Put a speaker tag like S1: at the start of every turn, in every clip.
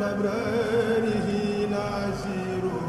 S1: الأبرار فينا أسير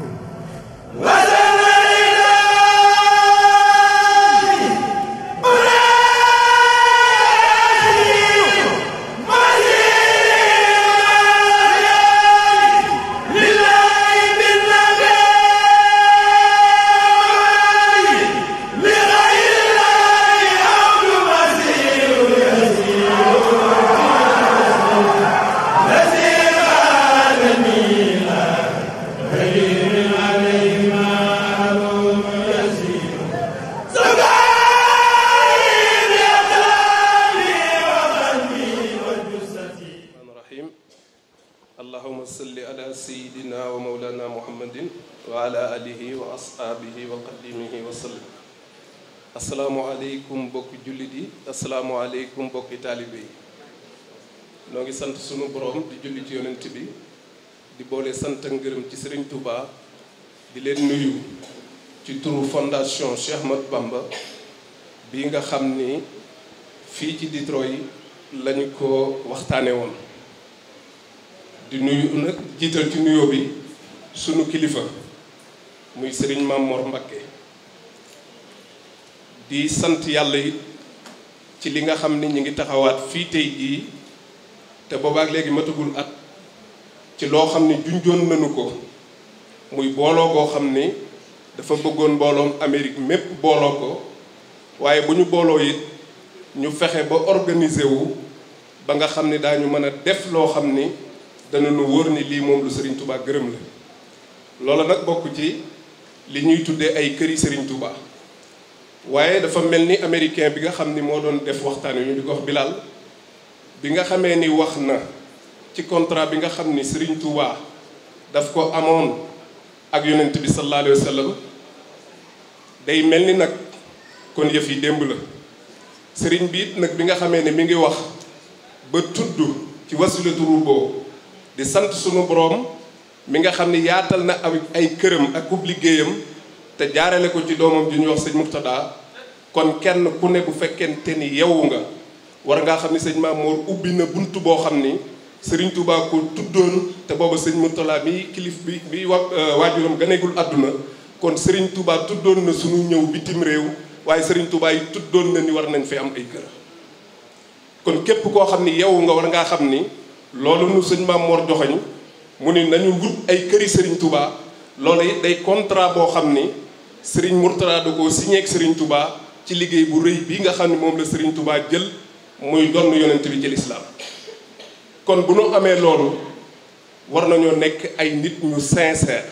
S2: fondation Cheikh bamb Bamba bi nga xam ni fii ci Detroit lañu ko waxtaane woon di nuyu nag jiital ci nuyoo bi sunu kilifa muy sëriñ Maam Mor Mbakke di sant yàlla it ci li nga xam ni ñu ngi taxawaat fii tey jii te boobaak léegi matagul at ci loo xam ni junjoon lanu ko muy booloo goo xam ni dafa bëggoon mbooloom Amérique mépp booloo ko waaye bu ñu booloo it ñu fexe ba organiser wu ba nga xam ni daañu mën a def loo xam ni dana nu wóor ni lii moom lu Serigne Touba gërëm la. loola nag bokk ci li ñuy tuddee ay këri Serigne Touba waaye dafa mel ni américain bi nga xam ni moo doon def waxtaan wi ñu di ko wax bi nga xamee ni wax na ci contrat bi nga xam ni Serigne Touba daf ko amoon. ak yonent bi sallallahu alayhi wa sallam day mel ni nag kon yëf yi démb la sëriñ bi nag bi nga xamee ne mi ngi wax ba tudd ci wasilatu ruuboo di sant sunu boroom mi nga xam ne yaatal na ay këram ak ub liggéeyam te jaarale ko ci doomam ju ñu wax sëñ Muxtada kon kenn ku ne bu fekkente ni yowu nga war ngaa xam ni sëñ Mamour ubbi na bunt boo xam ni Serigne Touba ko tuddoon te booba sëñ Mourtala bi kilif bi bi wa euh, waajuram ganeegul àdduna kon Serigne Touba tuddoon na suñu ñëw bitim réew waaye Serigne Touba yi tuddoon na ni war nañ fi am ay kër kon képp koo xam ni yow nga war ngaa xam ni loolu nu sëñ Maam Mor joxañ mu ni nañu wut ay këri Serigne Touba loolu it day contrat boo xam ni sëriñ Mourtala da koo signé ak Serigne ci liggéey bu rëy bii nga xam ne moom la Serigne Touba jël muy donn yonent bi ci kon bu nu amee loolu war nañoo nekk ay nit ñu sincère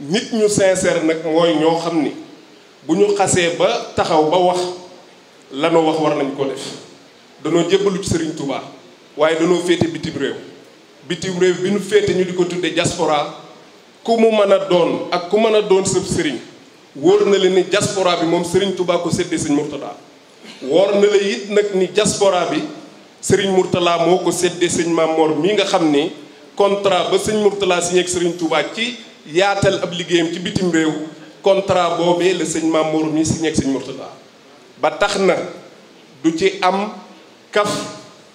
S2: nit ñu sincère nag mooy ñoo xam ni bu ñu xasee ba taxaw ba wax lanoo wax war nañ ko def danoo jébbalu ci Serigne Touba waaye danoo féete bitim réew bitim réew bi ñu féete ñu di ko tudde diaspora ku mu mën a doon ak ku mën a doon sëb Serigne wóor na la ni diaspora bi moom Serigne Touba ko séddee Serigne Mourtada wóor na la nag ni diaspora bi. sëriñ Mourtala moo ko séddee sëñ Mamor mii nga xam ni contrat ba sëñ Mourtala signé sëriñ Touba ci yaatal ab liggéeyam ci bitim réew contrat boobee la sëñ Mamor mii signé ak sëñ Mourtala ba tax na du ci am kaf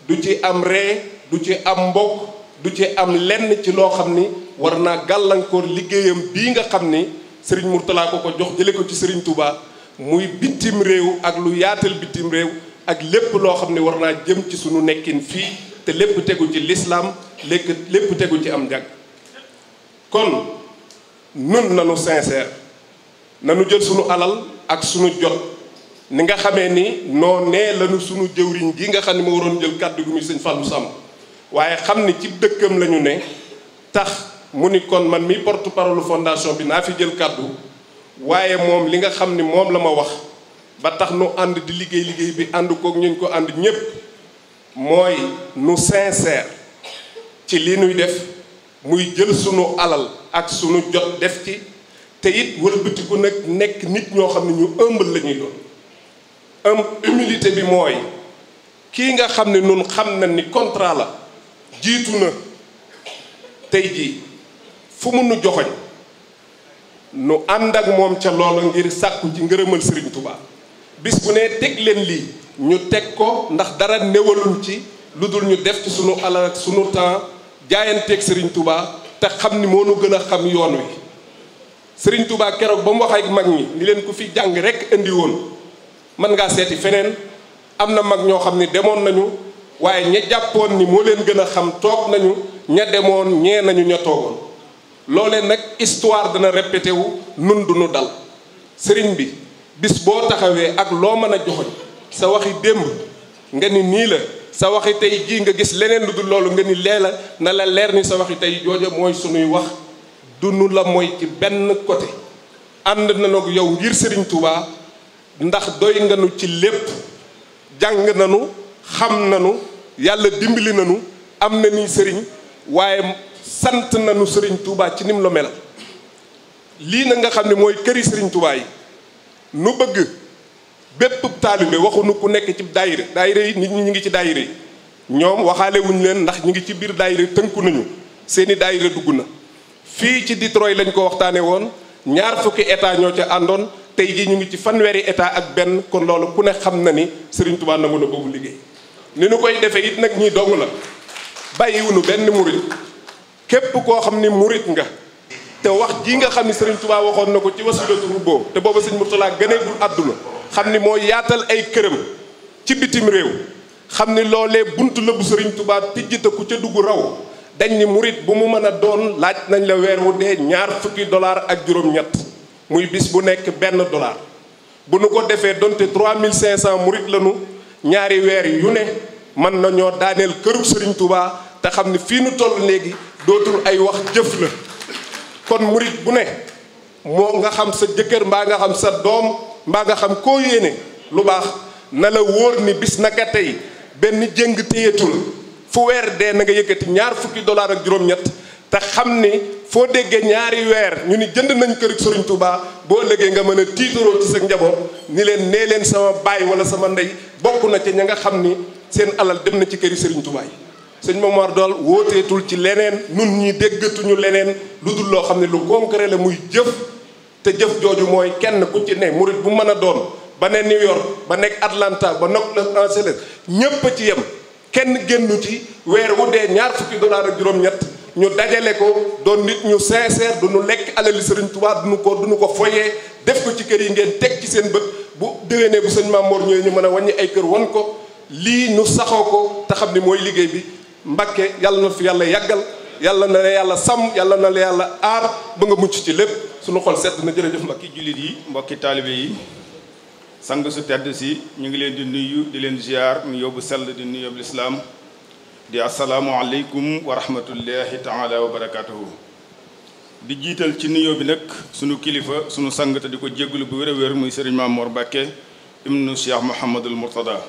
S2: du ci am ree du ci am mbokk du ci am lenn ci loo xam ni war naa gàllankoor liggéeyam bii nga xam ni sëriñ Mourtala ko ko jox jële ko ci sëriñ Touba muy bitim réew ak lu yaatal bitim réew ak lépp loo xam ne war naa jëm ci suñu nekkin fii te lépp tegu ci lislaam lépp lépp tegu ci am njàng kon nun nanu sincère nanu jël sunu alal ak sunu jot ni nga xamee ni noo nee lanu sunu jëwriñ gi nga xam ne moo waroon jël kàddu gi muy sëñ Fallou Samb waaye xam ni ci dëkkam lañu ne tax mu ni kon man mi porte-parole fondation bi naa fi jël kàddu waaye moom li nga xam ni moom la ma wax ba tax nu ànd di liggéey liggéey bi ànd kook ñu ko ànd ñépp mooy nu sincère ci li nuy def muy jël sunu alal ak sunu jot def ci te it wëlbatiku nag nekk nit ñoo xam ne ñu ëmbal la ñuy doon am bi mooy kii nga xam ne nun xam na ni contrat la jiitu na tey jii fu mu nu joxoñ nu ànd ak moom ca loola ngir sàkku ci ngërëmal Sëriñ Tuubaa bis bu ne teg leen lii ñu teg ko ndax dara néewalul ci lu dul ñu def ci sunu alal ak sunu temps jaayanteeg sëriñ Touba te xam ni moo nu gën a xam yoon wi. sëriñ Touba keroog ba mu wax mag ñi ni leen ku fi jàng rekk indi woon mën ngaa seeti feneen am na mag ñoo xam ni demoon nañu waaye ña jàppoon ni moo leen gën a xam toog nañu ña demoon ñee nañu ña toogoon. loolee nag histoire dana répété wu nun du nu dal sëriñ bi. bis boo taxawee ak loo mën a joxoñ sa waxi démb nga ni nii la sa waxi tey jii nga gis leneen lu dul loolu nga ni lee la na la leer ni sa waxi tey jooja mooy sunuy wax dunu la mooy ci benn côté ànd nañu ak yow ngir sëriñ Touba ndax doy nga nu ci lépp jàng nañu xam nañu yàlla dimbali nañu am na ni sëriñ waaye sant nañu sëriñ Touba ci nim la lii na nga xam ne mooy këri Serigne Touba yi. nu bëgg bépp waxu nu ku nekk ci daayira daayira yi nit ñi ñu ngi ci daayira yi ñoom waxaale leen ndax ñu ngi ci biir daayira tënku nañu seeni daayira dugg na fii ci Detroit lañ ko waxtaane woon ñaar fukki état ñoo ca àndoon tey jii ñu ngi ci fanweeri état ak benn kon loolu ku ne xam na ni Serigne Touba nangu na boobu liggéey ni nu koy defee it nag ñii dong la bàyyiwuñu benn murit képp koo xam ni murit nga te wax ji nga xam ni Serigne Touba waxoon na ko ci wasilatu rubboo te booba sëñ Murtala gëneegul àdduna xam ni moo yaatal ay këram ci bitim réew xam ni loolee buntu la bu Serigne Touba tijji te ku ca dugg raw dañ ni murit bu mu mën a doon laaj nañ la weer wu dee ñaar fukki dollar ak juróom-ñett muy bis bu nekk benn dollar bu nu ko defee donte 3500 murit lañu ñaari weer yu ne mën nañoo daaneel këru Serigne Touba te xam ni fii nu toll léegi dootul ay wax jëf la. kon murit bu ne moo nga xam sa jëkkër mbaa nga xam sa doom mbaa nga xam koo yéene lu baax na la wóor ni bis naka tey benn jëng téyetul fu weer dee na nga yëkkati ñaar fukki dollar ak juróom-ñett te xam ni foo déggee ñaari weer ñu ni jënd nañ kër Sëriñ Tuubaa boo ëllëgee nga mën a tiitaroo ci sa njaboot ni leen nee leen sama baay wala sama ndey bokk na ci ña nga xam ni seen alal dem na ci këri Sëriñ Tuubaa yi sëñ Momar dool wooteetul ci leneen nun ñi déggatuñu leneen lu dul loo xam ne lu concret la muy jëf te jëf jooju mooy kenn ku ci ne murit bu mën a doon ba ne New York ba nekk Atlanta ba nekk Los Angeles ñépp ci yem kenn génnu ci weer wu dee ñaar fukki dollar ak juróom-ñett ñu dajale ko doon nit ñu sincère duñu lekk alali Sëriñ Tuubaa duñu ko duñu ko foyee def ko ci kër yi ngeen teg ci seen bët bu déwénee bu sëñ Mamoor ñëwee ñu mën a wàññi ay kër wan ko lii ñu saxoo ko te ni mooy liggéey bi Mbakke yàlla na fi yàlla yàggal yàlla na la yàlla sàmm yàlla na la yàlla aar ba nga mucc ci lépp suñu xol sedd na jërëjëf mbokki jullit yi mbokki taalibe yi sang su tedd si ñu ngi leen di
S3: nuyu di leen ziar nuyoo bu sell di nuyoo bu lislaam di asalaamualeykum wa rahmatullahi taala wa barakaatuhu di jiital ci nuyoo bi nag sunu kilifa sunu sang te di ko jégalu bu wér wér muy sëriñ Maam Mor Mbakke ibnu Cheikh Mouhamadul Mourtada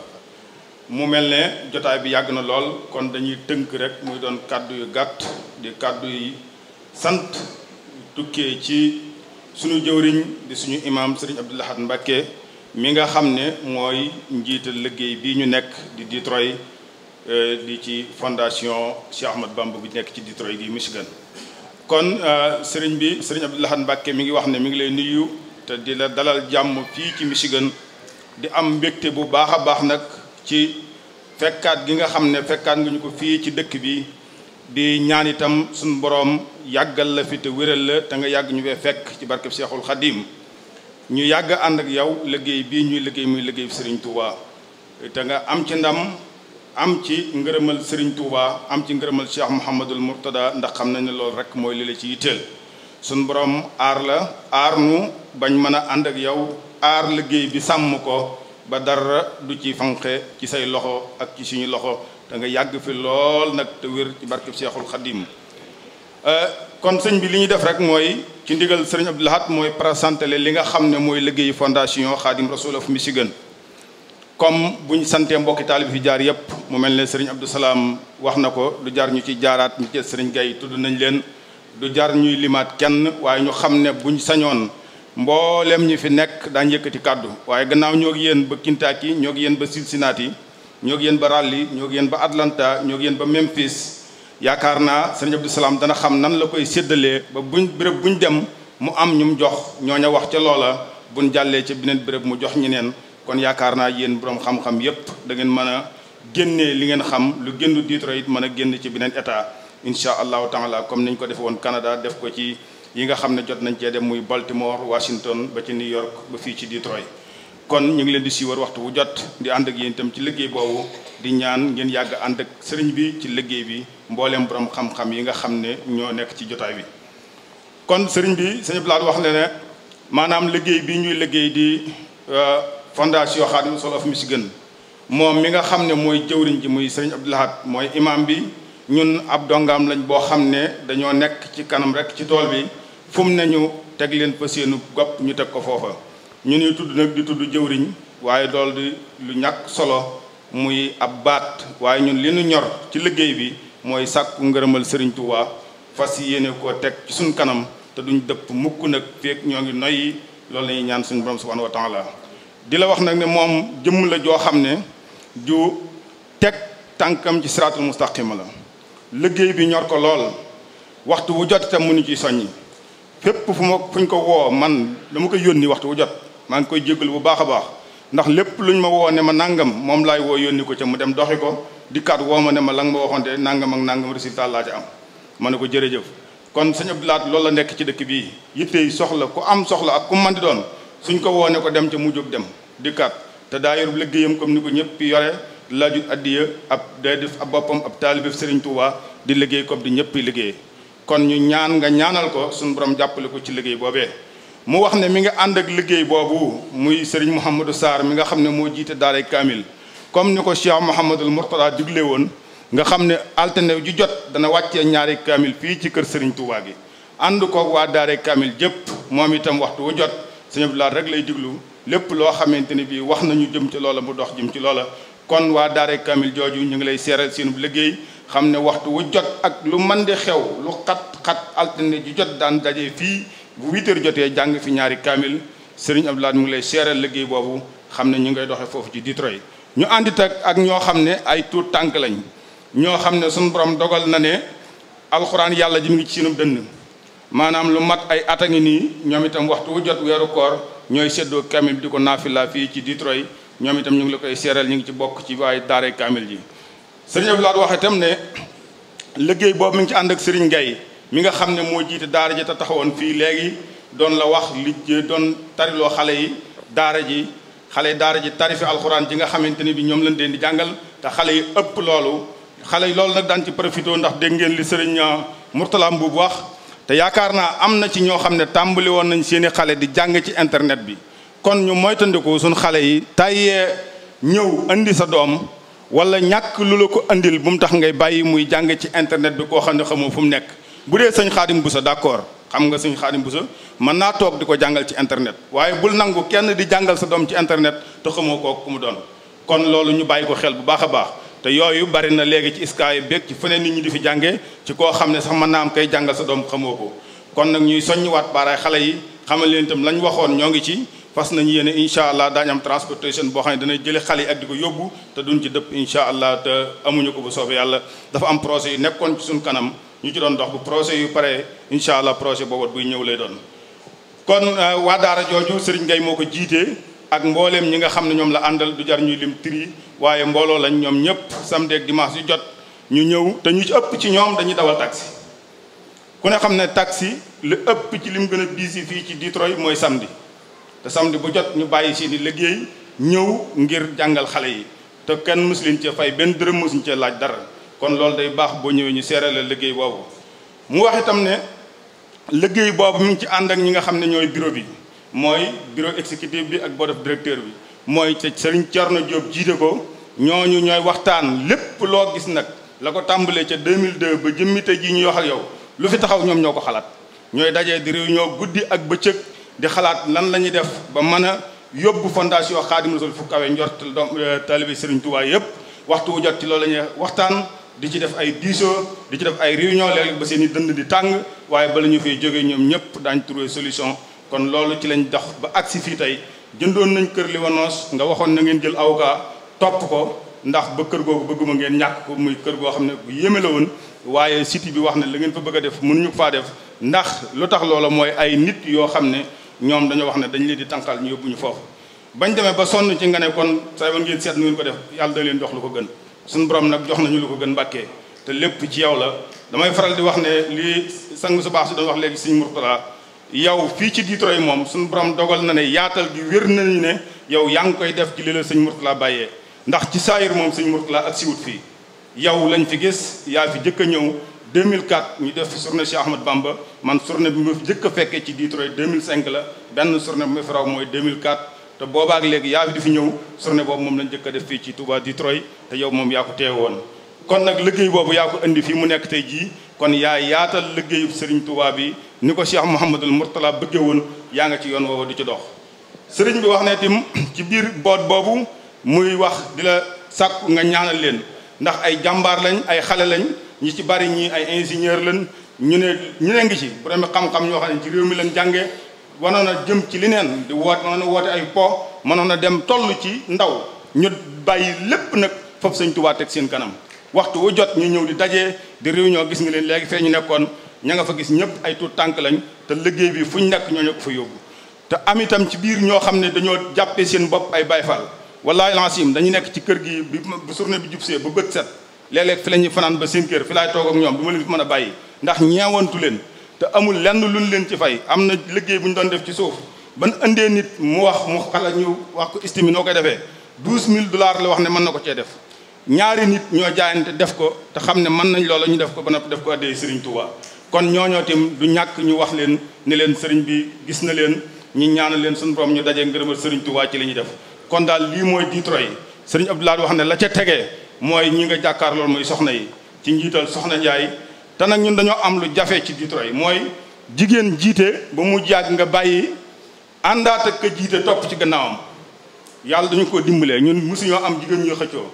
S3: mu mel ne jotaay bi yàgg na lool kon dañuy tënk rek muy doon kàddu yu gàtt di kàddu yi sant tukkee ci suñu jëwriñ di suñu imaam sëriñ Abdou Lahad Mbacké mi nga xam ne mooy njiital liggéey bii ñu nekk di Detroit euh, di ci fondation Cheikh Ahmad Bamba bi nekk ci Detroit gi Michigan kon euh, sëriñ bi sëriñ Abdou Lahad Mbacké mi ngi wax ne mi ngi lay nuyu te di la dalal jàmm fii ci Michigan di am mbégte bu baax a baax nag ci fekkaat gi nga xam ne fekkaat nga ñu ko fii ci dëkk bi bi ñaan itam suñu boroom yàggal la fi te wéral la te nga yàgg ñu fee fekk ci barkeb Seexul Xadiim ñu yàgg ànd ak yow liggéey bii ñuy liggéey muy liggéey Serigne Touba te nga am ci ndam am ci ngërëmal sëriñ Touba am ci ngërëmal Cheikh Mouhamadul Mourtada ndax xam nañ ne loolu rek mooy li ci yitteel suñ boroom aar la aar nu bañ mën a ànd ak yow aar liggéey bi sàmm ko ba dara du ci fanqe ci say loxo ak ci suñu loxo da nga yàgg fi lool nag te wér ci barkeb Seexul Xadim euh, kon sëñ bi li ñu def rek mooy ci ndigal sëriñ Abdou Lahad mooy présentele li nga xam ne mooy liggéeyu fondation Xaadim Rasul of Michigan comme bu ñu santee mbokki taalib fi jaar yépp mu mel ne sëriñ Abdou Salaam wax na ko du jaar ñu ci jaaraat ñu ci sëriñ Gaye tudd nañ leen du jaar ñuy limaat kenn waaye ñu xam ne buñ sañoon mboolem ñi fi nekk daañ yëkkati kàddu waaye gannaaw ñoo ngi yéen ba Kentucky ñoo ngi yéen ba Cincinnati ñoo ngi yéen ba Raleigh ñoo ngi yéen ba Atlanta ñoo ngi yéen ba Memphis yaakaar naa sëriñ Abdou dana xam nan la koy séddalee ba buñ béréb buñ dem mu am ñu mu jox ñoo ñooña wax ca loola buñ jàllee ca beneen béréb mu jox ñeneen kon yaakaar naa yéen borom xam-xam yépp da ngeen mën a génnee li ngeen xam lu génn Detroit it mën a génn ci beneen état incha allahu taala comme niñ ko defe woon def ko ci yi nga xam ne jot nañ cee dem muy Baltimore Washington ba ci New York ba fii ci Detroit kon ñu ngi leen di siiwar waxtu wu jot di ànd ak yéen tam ci liggéey boobu di ñaan ngeen yàgg ànd ak sëriñ bi ci liggéey bi mbooleem borom xam-xam yi nga xam ne ñoo nekk ci jotaay bi kon sëriñ bi sëñ Abdoulaye wax na ne maanaam liggéey bi ñuy liggéey di euh, fondation Khadimou Rassoul of Michigan moom mi nga xam ne mooy jëwriñ ji muy sëriñ Abdoulaye mooy imam bi ñun ab dongaam lañ boo xam ne dañoo nekk ci kanam rek ci tool bi fu mu nañu teg leen fa seenu gopp ñu teg ko foofa ñu ni tudd nag di tudd jëwriñ waaye dool di lu ñàkk solo muy ab baat waaye ñu li nu ñor ci liggéey bi mooy sàkku ngërëmal sëriñ Touba fas yéene ko teg ci suñ kanam te duñ dëpp mukk nag feek ñoo ngi noyyi loolu lañuy ñaan suñu borom subhanahu wa la di la wax nag ne moom jëmm la joo xam ne ju teg tànkam ci siraatul mustaqima la liggéey bi ñor ko lool waxtu wu jot itam mënu ciy soññi fépp fu ma fuñ ko woo man dama koy yónni waxtu wu jot maa ngi koy jégalu bu baax a baax ndax lépp lu ñu ma woo ne ma nangam moom laay woo yónni ko ca mu dem doxi ko dikkaat woo ma ne ma la nga ma waxoonte nangam ak nangam résultat laa ca am ma ne ko jërëjëf kon sëñ Abdou Lahad loolu la nekk ci dëkk bii yittey soxla ku am soxla ak ku mën di doon suñ ko woo ne ko dem ca mu jóg dem dikkaat te daa yor liggéeyam comme ni ko ñëpp yore laajut addiya ab day def ab boppam ab taalibe Sëriñ Tuubaa di liggéey comme di ñëpp liggéey kon ñu ñaan nga ñaanal ko suñu borom jàppale ko ci liggéey boobee mu wax ne mi nga ànd ak liggéey boobu muy sëriñ Mouhamadou Sarr mi nga xam ne moo jiite daaray Kaamil comme ni ko Cheikh Mouhamadul Mourtada digle woon nga xam ne altine ju jot dana wàccee ñaari Kaamil fii ci kër sëriñ Touba gi ànd koog waa daaray Kaamil jëpp moom itam waxtu wu jot sëñ Abdoulaye rek lay diglu lépp loo xamante ni bii wax nañu jëm ci loola mu dox jëm ci loola kon waa daaray Kaamil jooju ñu ngi lay seeral seen liggéey xam ne waxtu wu jot ak lu man di xew lu xat-xat altine ju jot daan daje fii bu huit heures jotee jàng fi ñaari kaamil sëriñ Abdou Lahad mu ngi lay seeral liggéey boobu xam ne ñu ngay doxee foofu ci Detroit ñu àndit ak ak ñoo xam ne ay tuut tànk lañ ñoo xam ne suñu borom dogal na ne alxuraan yàlla ji mu ngi ci seenum dënn maanaam lu mat ay at a ngi nii ñoom itam waxtu wu jot weeru koor ñooy seddoo kaamil di ko naafila fii ci Detroit ñoom itam ñu ngi la koy seeral ñu ngi ci bokk ci waaye daare kaamil ji sëriñ Abdoulaye waxee itam ne liggéey boobu mi ngi ci ànd ak sëriñ Ngaye mi nga xam ne moo jiite daara ji te taxawoon fii léegi doon la wax li doon tariloo xale yi daara ji xale yi daara ji tarifi alxuraan ji nga xamante ni bi ñoom lañ leen di jàngal te xale yi ëpp loolu xale yi loolu nag daan ci profité ndax dégg ngeen li sëriñ ah, Mourtala Mbuub wax te yaakaar naa am na ci ñoo xam ne tàmbali woon nañ seeni xale di jàng ci internet bi kon ñu moytandiku suñ xale yi tàyyee ñëw indi sa doom wala ñàkk lu la ko andil bu mu tax ngay bàyyi muy jàng ci internet bi koo xam ne xamoo fu mu nekk bu dee sëñ xaadim busa d'accord xam nga sëñ xaadim mbusa mën naa toog di ko jàngal ci internet waaye bul nangu kenn di jàngal doom ci internet te xamoo kooku ku mu doon kon loolu ñu bàyyi ko xel bu baax a baax te yooyu bari na léegi ci iska yi beeg ci feneen nit ñi di fi jàngee ci koo xam ne sax mën naa am kay jàngal sa doom xamoo ko kon nag ñuy soññiwaat baaraay xale yi xamal leen itam lañ waxoon ñoo ngi ci fas nañu yéene incha allah daañu am transportation boo xam ne dana jële xale yi ak di ko yóbbu te duñ ci dëpp incha allah te amuñu ko bu soobee yàlla dafa am projet yu nekkoon ci suñ kanam ñu ci doon dox bu projet yu pare incha allah projet boobu buy ñëw lay doon. kon euh, waa daara jooju Serigne gay moo ko jiitee ak mbooleem ñi nga xam ne ñoom la àndal du jar ñuy lim tri waaye mbooloo lañ ñoom ñëpp samedi ak dimanche yu jot ñu ñëw te ñu ci ëpp ci ñoom dañuy dawal taxi. ku ne xam ne taxi li ëpp ci lim gën a biisi fii ci Detroit mooy samedi. te samedi bu jot ñu bàyyi seeni liggéey ñëw ngir jàngal xale yi te kenn mësu leen cee fay benn dërëm mësuñ cee laaj dara kon loolu day baax boo ñëwee ñu seere la liggéey boobu mu wax itam ne liggéey boobu mi ci ànd ak ñi nga xam ne ñooy bureau bi mooy bureau exécutif bi ak board of bi mooy te Serigne Thierno Diop jiite ko ñooñu ñooy waxtaan lépp loo gis nag la ko tàmbalee ca 2002 ba jëmmi tey jii ñuy wax ak yow lu fi taxaw ñoom ñoo ko xalaat ñooy dajee di réunion guddi ak bëccëg di xalaat lan la ñuy def ba mën a yóbbu fondation Xaadimu Rasuul fu kawe njort eh, taalibe Sëriñ Tuubaa yëpp waxtu wu jot ci loolu la waxtaan di ci def ay diisoo di ci def ay réunion léeg ba seeni dënn di tàng waaye ba la ñu fay jógee ñoom ñëpp daañ trouver solution kon loolu ci lañ dox ba agsi fii tey jëndoon nañ kër li Liwanos nga waxoon na ngeen jël avocat topp ko ndax ba kër googu bëgguma ngeen ñàkk ko muy kër goo xam ne bu yéeme la woon waaye site bi la ngeen fa bëgg a def mënuñu faa def ndax lu tax loola mooy ay nit yoo xam ne ñoom dañoo wax ne dañ leen di tànqal ñu yóbbu ñu foofu bañ demee ba sonn ci nga ne kon say woon ngeen seet nu ngeen ko def yàlla da leen dox lu ko gën suñ borom nag jox nañu lu ko gën mbàkkee te lépp ci yow la damay faral di wax ne lii sang su baax si doon wax léegi Sëriñ Murtala yow fii ci Detroit moom suñu borom dogal na ne yaatal gi wér nañu ne yow yaa ngi koy def ci li la Sëriñ Murtala bàyyee ndax ci saayir moom Sëriñ Murtala ak siwut fii yow lañ fi gis yaa fi jëkk a ñëw 2004 ñu def journée Cheikh Ahmad Bamba man journée bi ma njëkk a fekkee ci Detroit 2005 la benn journée bu ma fi raw mooy 2004 te boobaak léegi yaa fi di fi ñëw journée boobu moom lañ jëkk a def fii ci Touba Detroit te yow moom yaa ko teew woon kon nag liggéey boobu yaa ko indi fii mu nekk tey jii kon yaa yaatal liggéeyu Serigne Touba yi ni ko Cheikh Mouhamadul Mourtala bëggee woon yaa nga ci yoon woowu di ci dox Serigne bi wax ne tim ci biir boot boobu muy wax la sàkku nga ñaanal leen ndax ay jàmbaar lañ ay xale lañ ñi ci bari ñi ay ingénieur lan ñu ne ñu ne ngi ci borom xam-xam ñoo xam ne ci réew mi leen jànge wanoon a jëm ci li neen di woote mënoon a woote ay po mënoon a dem toll ci ndaw ñu bàyyi lépp nag foofu Sëñ Tuubaa eg seen kanam waxtu wu jot ñu ñëw di dajee di réew ñoo gis nga leen léegi fee ñu nekkoon ña nga fa gis ñëpp ay tuut tànk lañ te liggéey bi fu ñu nekk ñoo ñu ko fa yóbbu te am itam ci biir ñoo xam ne dañoo jàppee seen bopp ay Baay Faal wallaahi lancim dañu nekk ci kër gi bi journée bi jubsee ba bët set léeg fi la ñuy fanaan ba seen kër fi laay toog ak ñoom du ma leen fi a bàyyi ndax ñeewantu leen te amul lenn luñ leen ci fay am na liggéey bu ñu doon def ci suuf ban indee nit mu wax mu xala ñu wax ko estime noo koy defee douze mille dollars la wax ne mën na ko cee def ñaari nit ñoo jaayante def ko te xam ne mën nañ loola ñu def ko ba noppi def ko addee Serigne Touba kon ñooñoo tim du ñàkk ñu wax leen ni leen sëriñ bi gis na leen ñu ñaanal leen suñu borom ñu dajee ngërëmal Serigne Touba ci li ñuy def kon daal lii mooy Detroit Serigne Abdoulaye wax ne la ca tegee mooy ñi nga jàkkaar loolu mooy soxna yi ci njiital soxna Njaay te nag ñun dañoo am lu jafe ci Detroit mooy jigéen jiite ba mu jàgg nga bàyyi àndaat ak ka jiite topp ci gannaawam yàlla dañu ko dimbalee ñun ñoo am jigéen ñuy xëccoo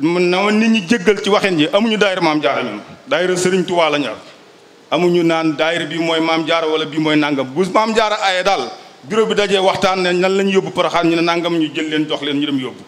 S3: na nit ñi jéggal ci waxin ji amuñu daayira maam jaara ñun daayira sëriñ Tuubaa la ñor amuñu naan daayira bii mooy maam jaara wala bi mooy nangam bu maam jaara aye daal bureau bi dajee waxtaan ne nan lañ yóbbu Porokhane ñu ne nangam ñu jël leen ñu dem yóbbu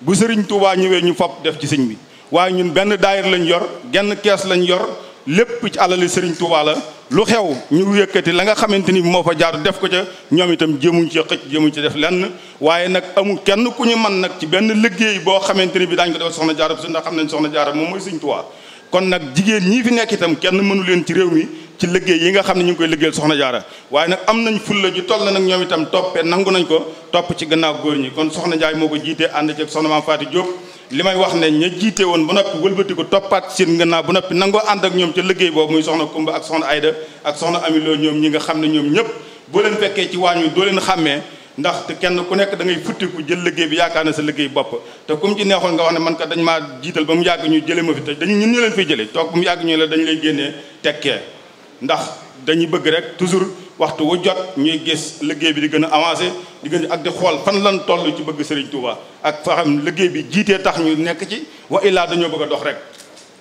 S3: bu sëriñ Touba ñëwee ñu fab def ci sëñ bi waaye ñun benn daayir lañ yor genn kees lañ yor lépp ci alali sëriñ Touba la lu xew ñu yëkkati la nga xamante ni moo fa jaadu def ko ca ñoom itam jéemuñ ci xëcc jéemuñ ci def lenn waaye nag amul kenn ku ñu mën nag ci benn liggéey boo xamante ni bi daañu ko defal soxna jaara su ndax xam nañ soxna jaara moom mooy sëriñ Touba kon nag jigéen ñii fi nekk itam kenn mënu leen ci réew mi ci liggéey yi nga xam ne ñu ngi koy liggéeyal soxna jaara waaye nag am nañ fulla ju toll na nag ñoom itam toppee nangu nañ ko topp ci gannaaw góor ñi kon soxna Njaay moo ko jiitee ànd ci soxna maam Fatou li may wax ne ña jiite woon ba noppi wëlbati ko toppaat seen gannaaw ba noppi nangoo ànd ñoom ca liggéey boobu muy soxna Kumba ak soxna Ayda ak soxna Amiloo ñoom ñi nga xam ne ñoom ñëpp boo leen fekkee ci waañ wi doo leen xàmmee ndax te kenn ku nekk da ngay futtiku jël liggéey bi yaakaar na sa liggéey bopp te comme ci neexoon nga wax ne man ka dañ maa jiital ba mu yàgg ñu jëlee ma fi te dañ ñun ñu leen fiy yàgg ñu la dañ lay génnee tekkee ndax dañuy bëgg rek toujours waxtu wu jot ñuy gis liggéey bi di gën a avancé di gën ak di xool fan lan toll ci bëgg Serigne Touba ak fa xam liggéey bi jiitee tax ñu nekk ci wa illaa dañoo bëgg a rek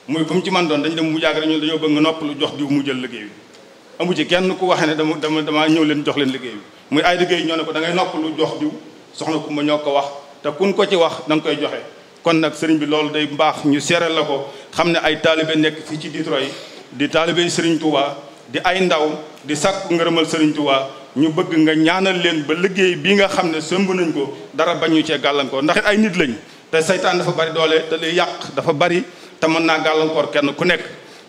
S3: muy comme ci man doon dañu dem mu yàgg rek dañoo bëgg nga nopp jox diw mu jël liggéey amu ci kenn ku waxee ne dama dama damaa ñëw leen jox leen liggéey bi muy ay liggéey ñoo ne ko dangay ngay nopp lu jox diw soxna Kumba ñoo ko wax te kun ko ci wax danga koy joxe kon nag sëriñ bi loolu day baax ñu seeral la ko xam ne ay taalibe nekk fii ci Detroit yi di taalibey Serigne Touba di ay ndaw di sàkku ngërëmal Serigne Touba ñu bëgg nga ñaanal leen ba liggéey bi nga xam ne sëmb nañ ko dara bañ ñu cee gàllankoor ndax ay nit lañ te seytaan dafa bari doole te li yàq dafa bari te mën naa gàllankoor kenn ku nekk.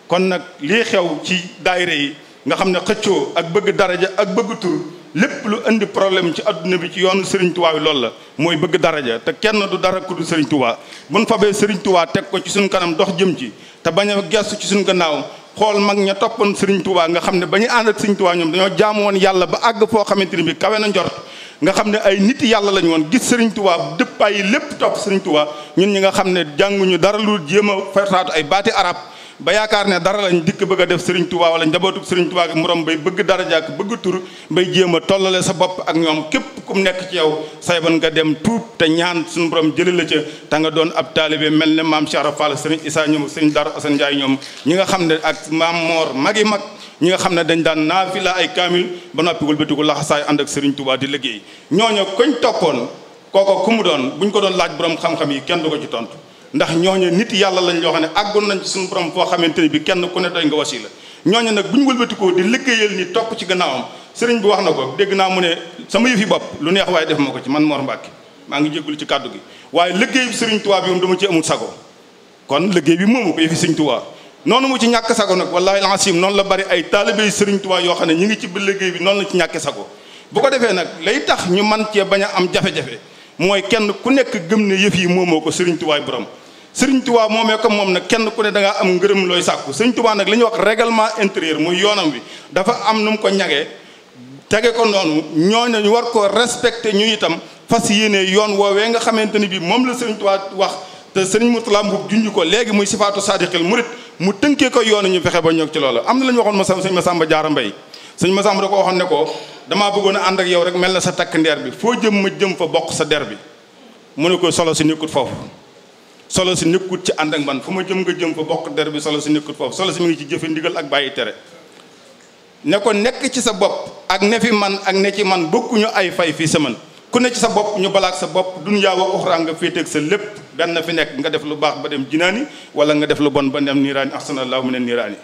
S3: kon nag lii xew ci daayira yi nga xam ne xëccoo ak bëgg daraja ak bëgg tur lépp lu indi problème ci adduna bi ci yoon Serigne Touba bi loolu la mooy bëgg daraja te kenn du dara ku du Serigne Touba bu nu fabee Serigne teg ko ci suñu kanam dox jëm ci te bañ a gestu ci suñu gannaaw. xool mag ña toppoon Serigne Touba nga xam ne ba ñu ànd ak ñoom dañoo jaamu woon yàlla ba àgg foo xamante ni bi kawe na njort nga xam ne ay nit yàlla lañu woon gis Serigne Touba dëppaay lépp topp Serigne Touba ñun ñi nga xam ne jànguñu dara lu jéem a fertaatu ay baati arab ba yaakaar ne dara lañ dikk bëgg a def Serigne Touba wala njabootug Serigne Touba ak morom bay bëgg daraja ak bëgg tur bay jéem a tollale sa bopp ak ñoom képp ku mu nekk ci yow say bon nga dem tuub te ñaan suñu borom jële la ca te nga doon ab taalibe mel ne maam Cheikh Ibra Fall Serigne Issa ñoom Serigne Darou Assane Ndiaye ñoom ñi nga xam ne ak maam Mor magi mag ñi nga xam ne dañ daan la ay kaamil ba noppi noppigul bétiku laxasaay ànd ak Serigne Touba di liggéey ñooñu koñ toppoon kooko ku mu doon buñ ko doon laaj borom xam yi kenn du ko ci tontu ndax ñooñu nit yàlla lañ yoo xam ne àggoon nañ ci suñu borom foo xamante ni bi kenn ku ne doy nga wasila ñooñu nag bu ñu wëlbatikoo di liggéeyal ni topp ci gannaawam sëriñ bi wax na ko dégg naa mu ne sama yëfi bopp lu neex waaye def ma ko ci man Mor Mbacke maa ngi jégalu ci kàddu gi waaye liggéey bi sëriñ Tuubaa bi moom dama ci amul sago kon liggéey bi moomu ko yëfi sëriñ Tuubaa noonu mu ci ñàkk sago nag wallahi lancim noonu la bari ay taalibé sëriñ Tuubaa yoo xam ne ñi ngi ci ba liggéey bi noonu la ci ñàkke bu ko defee nag lay tax ñu man cee bañ a am jafe mooy kenn ku nekk gëm ne yëf yi moomoo ko sëriñ Tuubaa borom sëriñ tubaa moomee ko moom nag kenn ku ne da ngaa am ngërëm looy sàkku sëriñ tubaa nag li wax règlement intérieur muy yoonam wi dafa am nu ko ñagee tege ko noonu ñooñu ñu war ko respecté ñu itam fas yéene yoon woowee nga xamante ni bi moom la sëriñ tubaa wax te sëriñ Mourtala Mbuub junj ko léegi muy sifaatu sadiqil murit mu tënkee ko yoonu ñu fexe ba ñoog ci loolu am na la ñu waxoon ma sëñ Masamba Jaara Mbay sëñ Masamba da ko waxoon ne ko damaa bëggoon ànd ak yow rek mel na sa takk bi foo jëm ma jëm fa bokk sa der bi mu ne ko solo si foofu solo si nekkut ci ànd ak man fu ma jëm nga jëm fa bokk der bi solo si nekkut foofu solo si mi ngi ci jëfe ndigal ak bàyyi tere ne ko nekk ci sa bopp ak ne fi man ak ne ci man bokkuñu ay fay fii sa man ku ne ci sa bopp ñu balaak sa bopp dunyaa wa uxraa nga féeteeg sa lépp benn fi nekk nga def lu baax ba dem jinaani wala nga def lu bon ba dem niiraani ahsanallaahu mina niiraani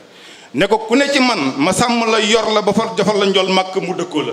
S3: ne ko ku ne ci man ma sàmm la yor la ba far jofal la njool màkk mu dëkkoo la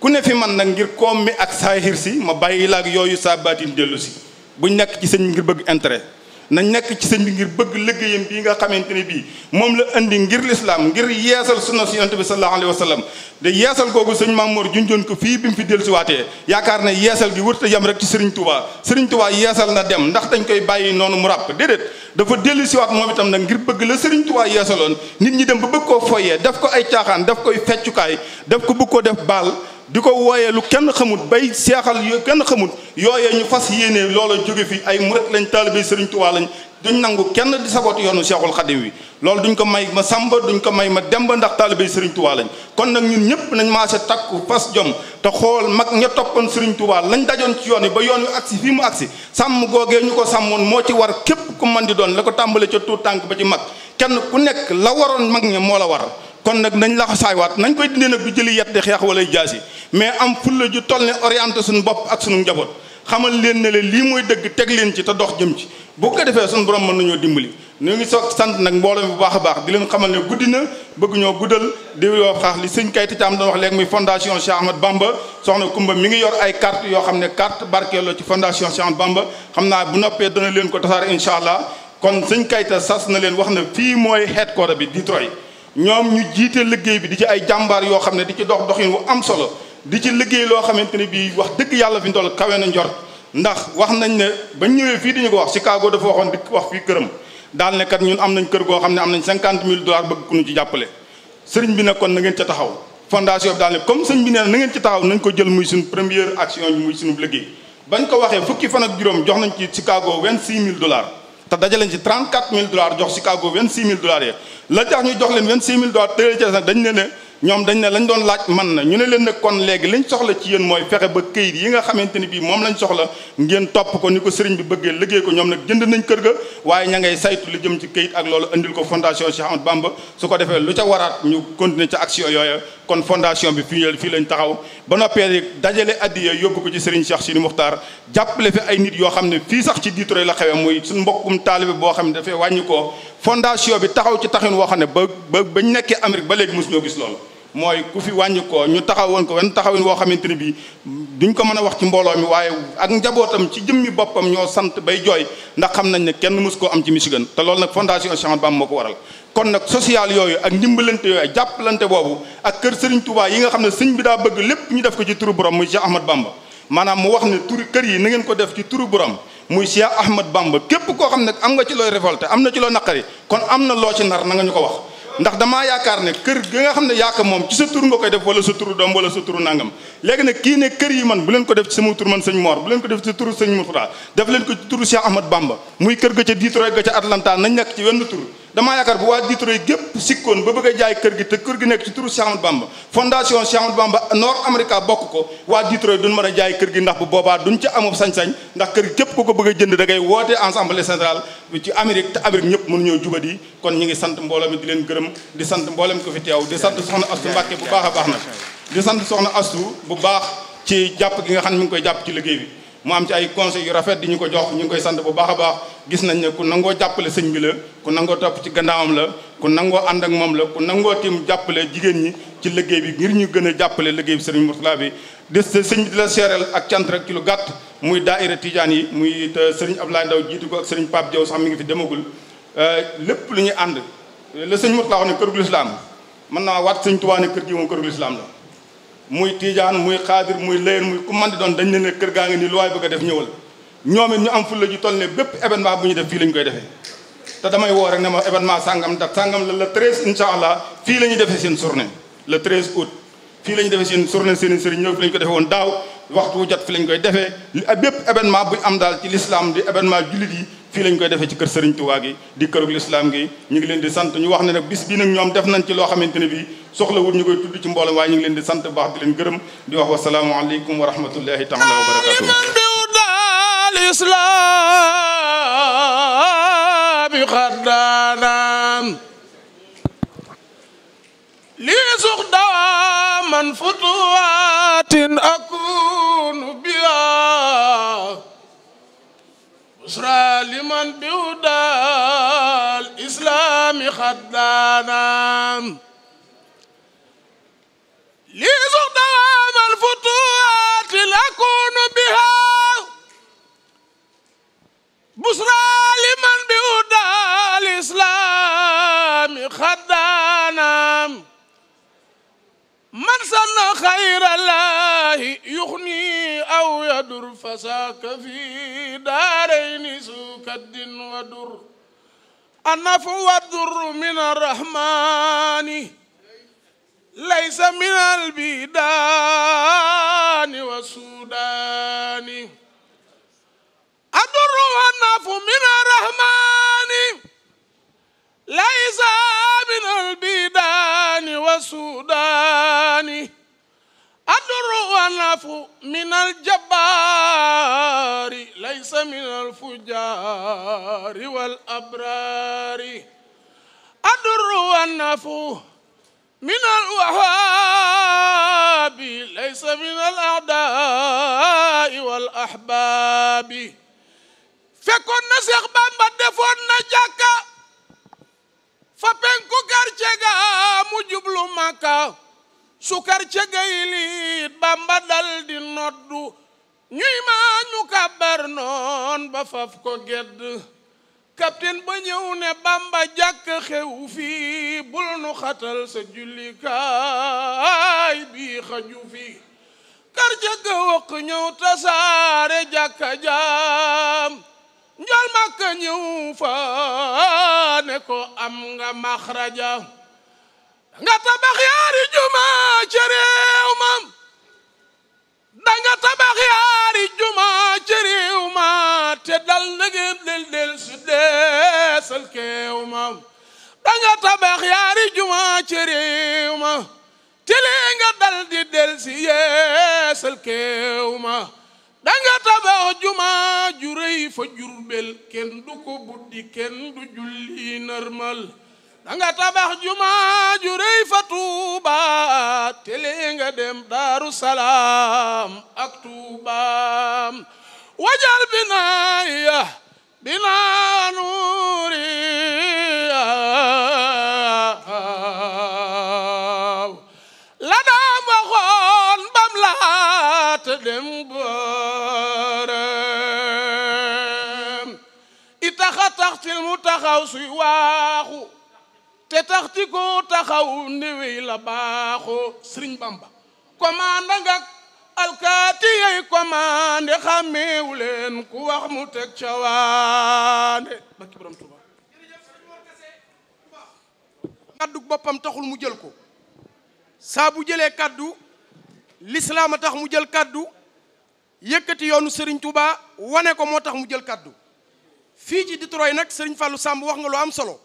S3: ku ne fi nag ngir koom mi ak saahir si ma bàyyi laak yooyu saa baatin dellu si buñ nekk ci sëñ bi ngir bëgg intérêt na nekk ci sëñ bi ngir bëgg liggéeyam bii nga xamante ni bii moom la indi ngir lislaam ngir yeesal sunna si yonent bi sallallahu alayhi wa sallam de yeesal googu sëñ Mamour junjoon ko fii bi mu fi dellusiwaatee yaakaar ne yeesal gi wërta yam rek ci Serigne Touba Serigne yeesal na dem ndax dañ koy bàyyi noonu mu ràpp déedéet dafa dellusiwaat moom itam nag ngir bëgg la Serigne Touba yeesaloon nit ñi dem ba bëgg koo fooyee def ko ay caaxaan daf koy feccukaay daf ko bëgg koo def baal di ko wooyee lu kenn xamut bay seexal yu kenn xamut yooyee ñu fas yéene loola jóge fi ay murit lañ taalibe sëriñ Tuubaa lañ duñ nangu kenn di sabot yoonu seexul xadim wi loolu duñ ko may ma samba duñ ko may ma demba ndax taalibe sëriñ Tuubaa lañ kon nag ñun ñëpp nañ maase takku fas jom te xool mag ña toppoon sëriñ Tuubaa lañ dajoon ci yoon yi ba yoon yu agsi fii mu agsi sàmm googee ñu ko sàmmoon moo ci war képp ku mën di doon la ko tàmbale ca tuut tànk ba ci mag kenn ku nekk la waroon mag ña moo la war kon nag nañ la ko saaywaat nañ koy dindee nag du jëli yet di xeex wala jaasi mais am fulla ju toll ne orienté suñu bopp ak suñu njaboot xamal leen ne leen lii mooy dëgg teg leen ci te dox jëm ci bu ko defee suñu borom mën nañoo dimbali ñu ngi soog sant nag mbooloo bu baax a baax di leen xamal ne guddi na bëgg ñoo guddal di yoo xaax li sëñ Kayta Thiam doon wax léegi muy fondation Cheikh Bamba soxna Kumba mi ngi yor ay carte yoo xam ne carte barkeeloo ci fondation Cheikh Ahmad Bamba xam naa bu noppee dana leen ko tasaare incha allah kon sëñ Kayta sas na leen wax na fii mooy headquarter bi Detroit ñoom ñu jiite liggéey bi di ci ay jàmbaar yoo xam ne di ci dox doxin wu am solo di ci liggéey loo xamante ni bii wax dëgg yàlla fi ndool kawe na njort ndax wax nañ ne bañ ñëwee fii dañu ko wax Chicago dafa waxoon di wax fii këram daal ne kat ñun am nañ kër goo xam ne am nañ cinquante bëgg ku ñu ci jàppale sëriñ bi ne kon na ngeen ca taxaw fondation bi daal ne comme sëriñ bi ne na ngeen ci taxaw nañ ko jël muy suñu première action bi muy suñu liggéey bañ ko waxee fukki fan ak juróom jox nañ ci Chicago mille dollars te dajaleñ ci trente-quatre mille ñoom dañ ne lañ doon laaj man na ñu ne leen nag kon léegi liñ soxla ci yéen mooy fexe ba këyit yi nga xamante ni bii moom lañ soxla ngeen topp ko ni ko sëriñ bi bëggee liggéey ko ñoom nag jënd nañ kër ga waaye ña ngay saytu li jëm ci këyit ak loolu andil ko fondation Cheikh Bamba su ko defee lu ca waraat ñu continuer ca action yooya kon fondation bi fii fii lañ taxaw ba noppee dajale addiya yóbbu ko ci sëriñ Cheikh Sidi Muxtaar jàppale fi ay nit yoo xam ne fii sax ci Detroit la xewee muy suñ mbokkum taalibe boo xam ne dafay wàññi ko fondation bi taxaw ci taxin woo xam ne ba ba bañ nekkee Amérique ba léegi mosuñoo gis loolu mooy ku fi wàññi ñu taxaw taxawoon ko wenn taxawin woo xamante ne bii duñ ko mën a wax ci mbooloo mi waaye ak njabootam ci jëmmi boppam ñoo sant bay jooy ndax xam nañ ne kenn mës koo am ci Michigan te loolu nag fondation Cheikh Ahmadou Bamba moo ko waral yooyu ak ndimbalante yooyu jàppalante boobu ak kër Serigne Touba yi xam ne sëñ bi daa bëgg lépp ñu def ko ci turu borom muy Cheikh Ahmadou Bamba maanaam mu wax ne turu kër yi na ngeen ko def ci turu borom muy Cheikh Ahmadou Bamba képp koo xam ne am nga ci looy révolté am na ci loo naqari kon am na loo ci nar na nga ñu ko wax ndax damaa yaakaar ne kër gi nga xam ne yàq moom ci sa tur nga koy def wala sa turu doom wala sa turu nangam léegi nag kii ne kër yi man bu leen ko def ci sama tur man sëñ Mor bu leen ko def ci sa turu sëñ Mourtada def leen ko ci turu Ahmad Bamba muy kër ga ca Detroit ga ca Atlanta nañ nekk ci wenn tur damaa yaakaar bu waa Detroit gépp sikkoon ba bëgg jaay kër gi te kër gi nekk ci turu Cheikh Ahmadou Bamba fondation Cheikh Ahmadou Bamba Nord America bokk ko waa Detroit duñ mën a jaay kër gi ndax bu boobaa duñ ci amoon sañ-sañ ndax kër gi képp ku ko bëgg a jënd da ngay woote ensemble central ci Amérique te Amérique ñëpp mënu ñoo jubadi kon ñu ngi sant mbooloo mi di leen gërëm di sant mbooloo mi ko fi teew di sant soxna Astu Mbàkke bu baax a baax na di sant soxna Astu bu baax ci jàpp gi nga xam ne mi ngi koy jàpp ci liggéey bi mu am ci ay conseil yu rafet di ñu ko jox ñu ngi koy sant bu baax a baax gis nañ ne ku nangoo jàppale sëñ bi la ku nangoo topp ci gannaawam la ku nangoo ànd ak moom la ku nangoo tiim jàppale jigéen ñi ci liggéey bi ngir ñu gën a jàppale liggéey bi sëriñ Mourtala bi des sëñ bi di la seereel ak cant rek ci lu gàtt muy daaira tijaan yi muy sëriñ Abdoulaye Ndaw jiitu ko ak sëriñ Pape Diaw sax mi ngi fi demagul euh, lépp lu ñuy ànd la sëñ Mourtala wax ne kër gu lislaam mën naa waat sëñ Tuubaa ne kër gi moom kër gu lislaam muy tiijaan muy xaadir muy layeen muy ku man di doon dañ ne ne kër gaa ngi nii lu waay bëgg a def ñëwal ñoom it ñu am fulla ju toll ne bépp événement bu ñu def fii la koy defee te damay woo rek ne ma événement sàngam date sàngam la le 13 incha allah fii la ñuy defee seen journée le 13 août fii la ñuy defee seen journée seen sëriñ ñëw fi la ñu ko defee woon daaw waxtu jot fi la koy defee li bépp événement buñ am daal ci l'islam di événement jullit yi fii lañ koy defee ci kër Serigne Touba gi di kërug gi ñu ngi leen di sant ñu wax ne nag bis bi nag ñoom def nañ ci loo xamante ne bi soxlawul ñu koy tudd ci mboolem waaye ñu ngi leen di sant baax di leen gërëm di wax wa rahmatullahi taala wa barakatuh
S4: islami xaddaanam li suq dawa man futuwaatin akunu بشرى لمن بهدى الإسلام خدانا لذو دوام الفتوحات لأكون بها بشرى لمن بهدى الإسلام خدانا من سن خير الله يغني أو يدر فساك في دارين سكد ودر النفع والضر من الرحمن ليس من البيدان والسودان الضر والنفع من الرحمن ليس من البيدان والسودان العنف من الجبار ليس من الفجار والأبرار أدر والنف من الوهاب ليس من الأعداء والأحباب fekkoon na Seex Bamba defoon na jàkka fa penku quartier ga mu jublu Makka sukar ca gayliit bamba dal di ñuy maa ñu noon ba faf ko gedd kapten ba ñëw ne bamba jàkk xew fii bul nu xatal sa jullikaay bii xaju fii kar ca gawëq ñëw tasaare jàkka jaam njol màkka ñëw fa ne ko am nga maxraja nga tabax yaari juma ci ma te dal na deesal keew ma da tabax yaari juma ci ma te nga dal di yeesal keew ma danga tabax juma ju rëy fa Jurbel kenn ko buddi kenn du julli narmal danga tabax jumaa ju rëy fa dem daaru ak tuubaam wajal binaaya binaa nuuriya la waxoon bam laat dem bërëm i taxa tax mu taxaw suy waaxu te tax ci ko taxaw la baaxoo sëriñ bamba commande nga alkaati yey commande xàmmeewu leen ku wax mu teg ca
S1: kaddu boppam taxul mu jël ko saa bu jëlee kaddu lislaam tax mu jël kaddu yëkkati yoonu sëriñ tuba wane ko moo tax mu jël kaddu fii ci Detroit nag sëriñ fàllu sàmb wax nga lu am solo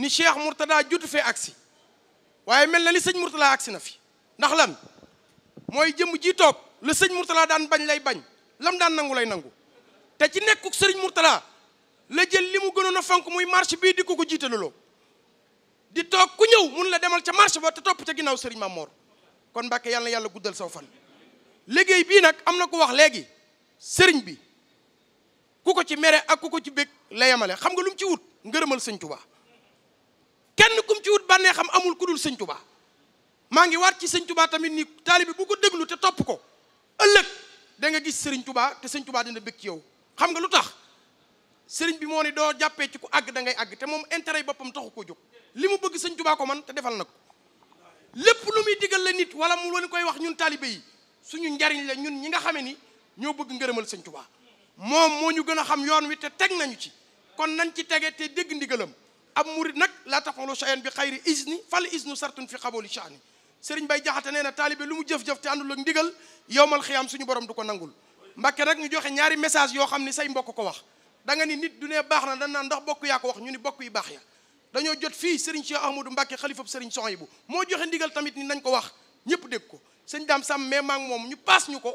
S1: ni Cheikh Mourtada jotu fee agsi waaye mel na li sëñ Mourtada agsi na fi ndax lan mooy jëmm ji toog la sëñ Mourtada daan bañ lay bañ lam daan nangu lay nangu te ci nekkuk sëriñ Mourtada la jël li mu gënoon a fonk muy marché bii di ko ko jiitaluloo di toog ku ñëw mun la demal ca marché ba te topp ca ginnaaw sëriñ moor kon Mbàkke yàlla yàlla guddal saw fan liggéey bii nag am na ko wax léegi sëriñ bi ku ko ci mere ak ku ko ci bég la yemale xam nga lu ci wut ngërëmal sëñ Tuubaa kenn kum ci wut bànnee xam amul ku dul sëñ Tuba maa ngi waat ci sëñ tubaa tamit ni taalibi bu ko déglu te topp ko ëllëg da nga gis sëriñ Tuba te sëñ Tuba dina bëgg ci yow xam nga lu tax sëriñ bi moo ne doo jàppee ci ku àgg da ngay àgg te moom intere yi boppam taxu ko jóg li mu bëgg sëñ Tuba ko man te defal na ko lépp lu muy digal la nit wala mu leen koy wax ñun taalibe yi suñu njariñ la ñun ñi nga xamee ni ñoo bëgg ngërëmal sëñ Tuba moom moo ñu gën a xam yoon wi te teg nañu ci kon nañ ci tege te dégg ndigalam ab murid nag laa taxawlu chayan bi xayri isni fal isnu sartun fi xaboli sha'ni sëriñ bay jaxate nee na taalibe lu mu jëf-jëf te àndul ak ndigal yowmal xiyaam suñu borom du ko nangul mbàkke nag ñu joxe ñaari message yoo xam ni say mbokk ko wax da nga ni nit du ne baax na dañ naan ndax bokk yaa ko wax ñu ni bokk yi baax ya dañoo jot fii sëriñ Cheikh Ahmadou Mbàkke xalifab sëriñ Sohaybu moo joxe ndigal tamit ni nañ ko wax ñëpp dégg ko sëñ daam sàmm mais maa moom ñu paas ñu ko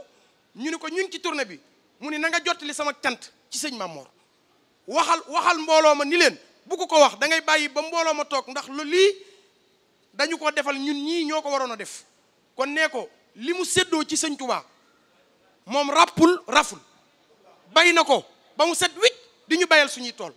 S1: ñu ni ko ñu ngi ci tournée bi mu ni na nga sama cant ci sëñ Mamor waxal waxal mbooloo ma ni leen bu ko ko wax dangay bàyyi ba mbooloo ma toog ndax loo lii dañu ko defal ñun ñii ñoo ko waroon a def kon nee ko li mu séddoo ci sëñ Tuubaa moom ràppul raful bay na ko ba mu sedd wicc di ñu bayal suñuy tool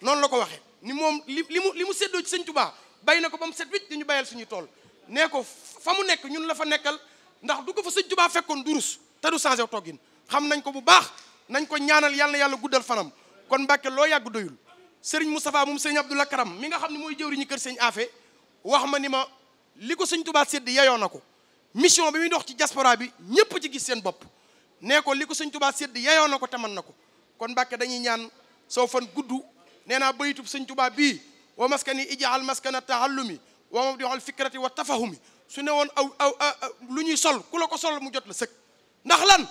S1: noonu la ko waxee ni moom li li mu li mu séddoo ci sëñ Tuubaa bay na ko ba mu set wicc di ñu suñuy tool nee ko fa mu nekk ñun la fa nekkal ndax du ko fa sëñ Tuubaa fekkoon durus te du changé toggin xam nañ ko bu baax nañ ko ñaanal yàlla na yàlla guddal fanam kon Mbàkke loo yàgg doyul sëriñ Moustapha moom sëriñ Abdoul Karam mi nga xam ne mooy jëwriñu kër sëñ Afe wax ma ni ma li ko sëñ Touba sédd yeyoo na ko mission bi muy dox ci diaspora bi ñëpp ci gis seen bopp nee ko li ko sëñ Touba sédd na ko taman na ko kon Mbàkke dañuy ñaan soo fan gudd nee naa bayitub sëñ Touba bii wa maskani ijaal maskana tahallumi wa mabdihal fikrati wa tafahumi su ne woon aw lu ñuy sol ku la ko sol mu jot la sëkk ndax lan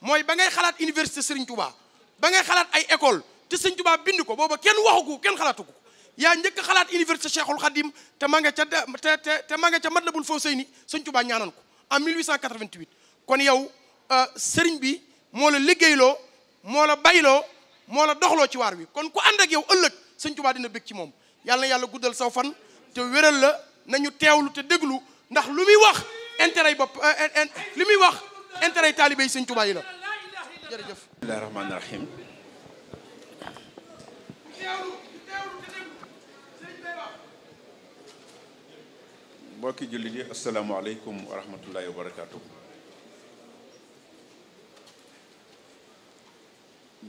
S1: mooy ba ngay xalaat université sëriñ Touba ba ngay xalaat ay école te sëñ Tuubaa bind ko booba kenn waxagu kenn xalaatu ko yaa njëkk xalaat université Cheikhul Khadim te manga nga ca te te te ma nga ca Matlabul Fawzayni sëñ Tuubaa ñaanoon ko en 1888 kon yow euh, sëriñ bi moo la liggéeyloo moo la bayloo moo la doxloo ci waar wi kon ku ànd ak yow ëllëg sëñ Tuubaa dina bég ci moom yàlla na yàlla guddal saw fan te wéral la nañu teewlu te déglu ndax lu muy wax intérêt yi bopp euh, euh, li muy wax intérêt yi taalibe yi sëñ
S5: la mbokki jullit yi asalaamaaleykum wa rahmatullahi wa barakaatu.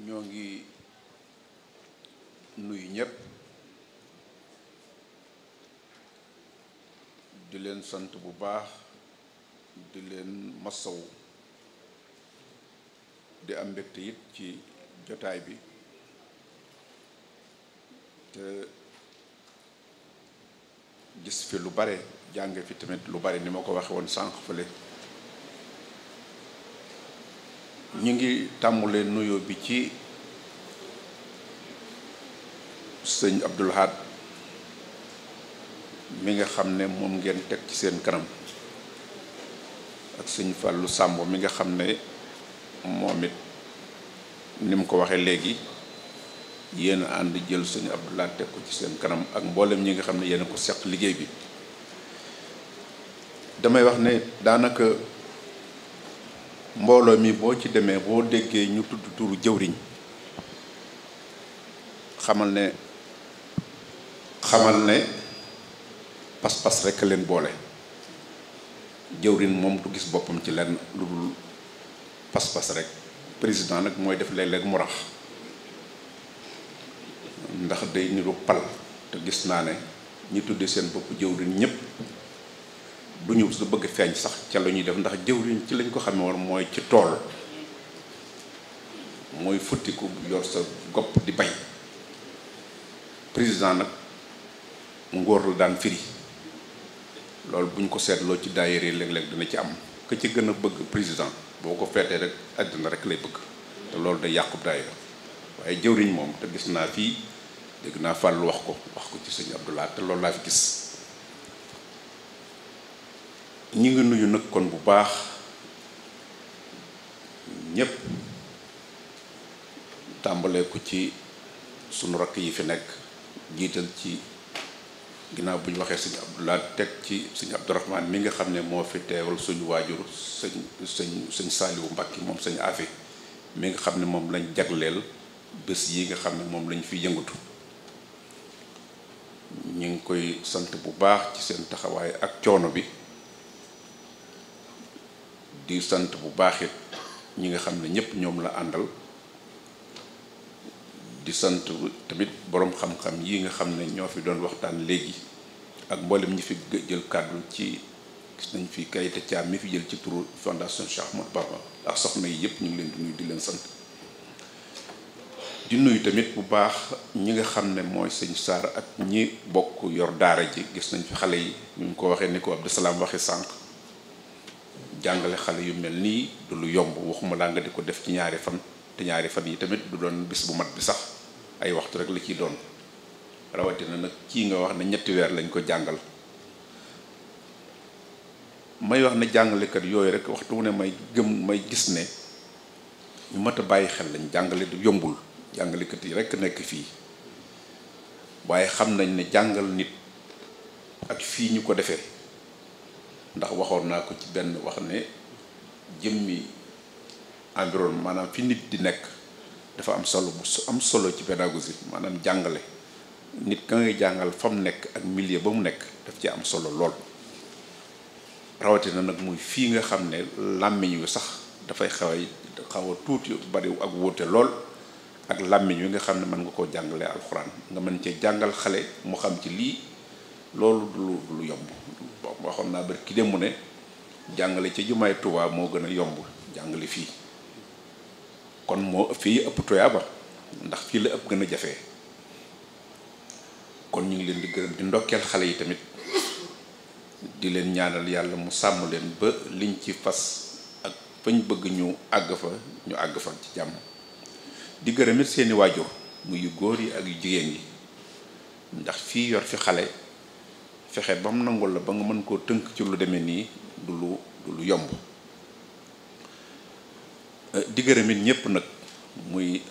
S5: ñoo ngi nuyu ñépp di leen sant bu baax di leen masaw di am mbégte it ci jotaay bi. te gis fi lu bare jàng fi tamit lu bare ni ma ko waxee woon sànq fële ñu ngi tàmmulee nuyoo bi ci sëñ Abdul Ahad mi nga xam ne moom ngeen teg ci seen kanam ak sëñ Fallou Samb mi nga xam ne moom it ni mu ko waxee léegi yéen a ànd jël suñu Abdoulaye teg ko ci seen kanam ak mboolem ñi nga xam ne yéen ko seq liggéey bi damay wax ne daanaka mbooloo mi boo ci demee boo déggee ñu tudd turu jëwriñ xamal ne xamal ne pas-pas rekk leen boole jëwriñ moom du gis boppam ci leen lu dul pas-pas rek président nag mooy def léeg-léeg mu rax ndax day niru pal te gis naa ne ñu tuddee seen bopp jëwriñ ñëpp du ñu su bëgg feeñ sax ca la ñuy def ndax jëwriñ ci lañ ko xamee woon mooy ci tool mooy futtiku yor sa gopp di bay président nag ngóor la daan firi loolu bu ñu ko seetloo ci daayira yi léeg-léeg dina ci am ka ci gën a bëgg président boo ko feetee rek àddina rek lay bëgg te loolu day yàqu daayira waaye jëwriñ moom te gis naa fii dégg naa Fallou wax ko wax ko ci sëñ Abdoulaye te loolu laa fi gis ñu ngi nuyu nag kon bu baax ñépp tàmbalee ko ci sunu rakk yi fi nekk jiital ci ginnaaw bu ñu waxee sëñ Abdoulaye teg ci sëñ Abdourahmane mi nga xam ne moo fi teewal suñu waajur sëñ sëñ sëñ Saaliwu Mbàkke moom sëñ Afi mi nga xam ne moom lañ jagleel bés yi nga xam ne moom lañ fi yëngatu ñu ngi koy sant bu baax ci seen taxawaay ak coono bi di sant bu baax ñi nga xam ne ñëpp ñoom la àndal di sant tamit boroom xam-xam yi nga xam ne ñoo fi doon waxtaan léegi ak mboolem ñi fi jël kàddu ci gis nañ fi kayite caam mi fi jël ci turu fondation Cheikh Ahmadou Bamba ak soxna yi yëpp ñu ngi leen di nuyu di leen sant. di nuy tamit bu baax ñi nga xam ne mooy sëñ Saar ak ñi bokk yor daara ji gis nañ fi xale yi ñu ngi ko waxee ni ko Abdou Salaam waxe sànq jàngale xale yu mel nii du lu yomb waxuma laa nga di ko def ci ñaari fan te ñaari fan yi tamit du doon bis bu mat bi sax ay waxtu rek la ciy doon rawatina nag kii nga wax ne ñetti weer lañ ko jàngal may wax ne jàngalekat yooyu rek waxtu wu ne may gëm may gis ne ñu mat bàyyi xel lañ jàngale du yombul jàngalekat yi rekk nekk fii waaye xam nañ ne jàngal nit ak fii ñu ko defee ndax waxoon naa ko ci benn wax ne jëmmi environnement maanaam fi nit di nekk dafa am solo bu am solo ci pédagogie maanaam jàngale nit ka ngay jàngal fa mu nekk ak milieu ba mu nekk daf ci am solo lool rawatina nag muy fii nga xam ne làmmiñ wi sax dafay xaw a xaw a tuuti bariwu ak wuute lool ak làmmiñ wi nga xam ne mën nga koo jàngalee alxuraan nga mën cee jàngal xale mu xam ci lii loolu du lu yomb bon waxoon naa bari ki démb ne jàngale ci jumaay tubaab moo gën a yomb jàngale fii kon moo fii ëpp tuyaaba ndax fii la ëpp gën a jafe kon ñu ngi leen di gërëm di ndokkeel xale yi tamit di leen ñaanal yàlla mu sàmm leen ba liñ ci fas ak fañ bëgg ñu àgg fa ñu àgg fa ci jàmm di gërëm seeni waajur muy yu góor yi ak yu jigéen yi ndax fii yor fi xale fexe ba mu nangul la ba nga mën koo tënk ci lu demee nii du lu du lu yomb euh, di gërëm ñëpp nag muy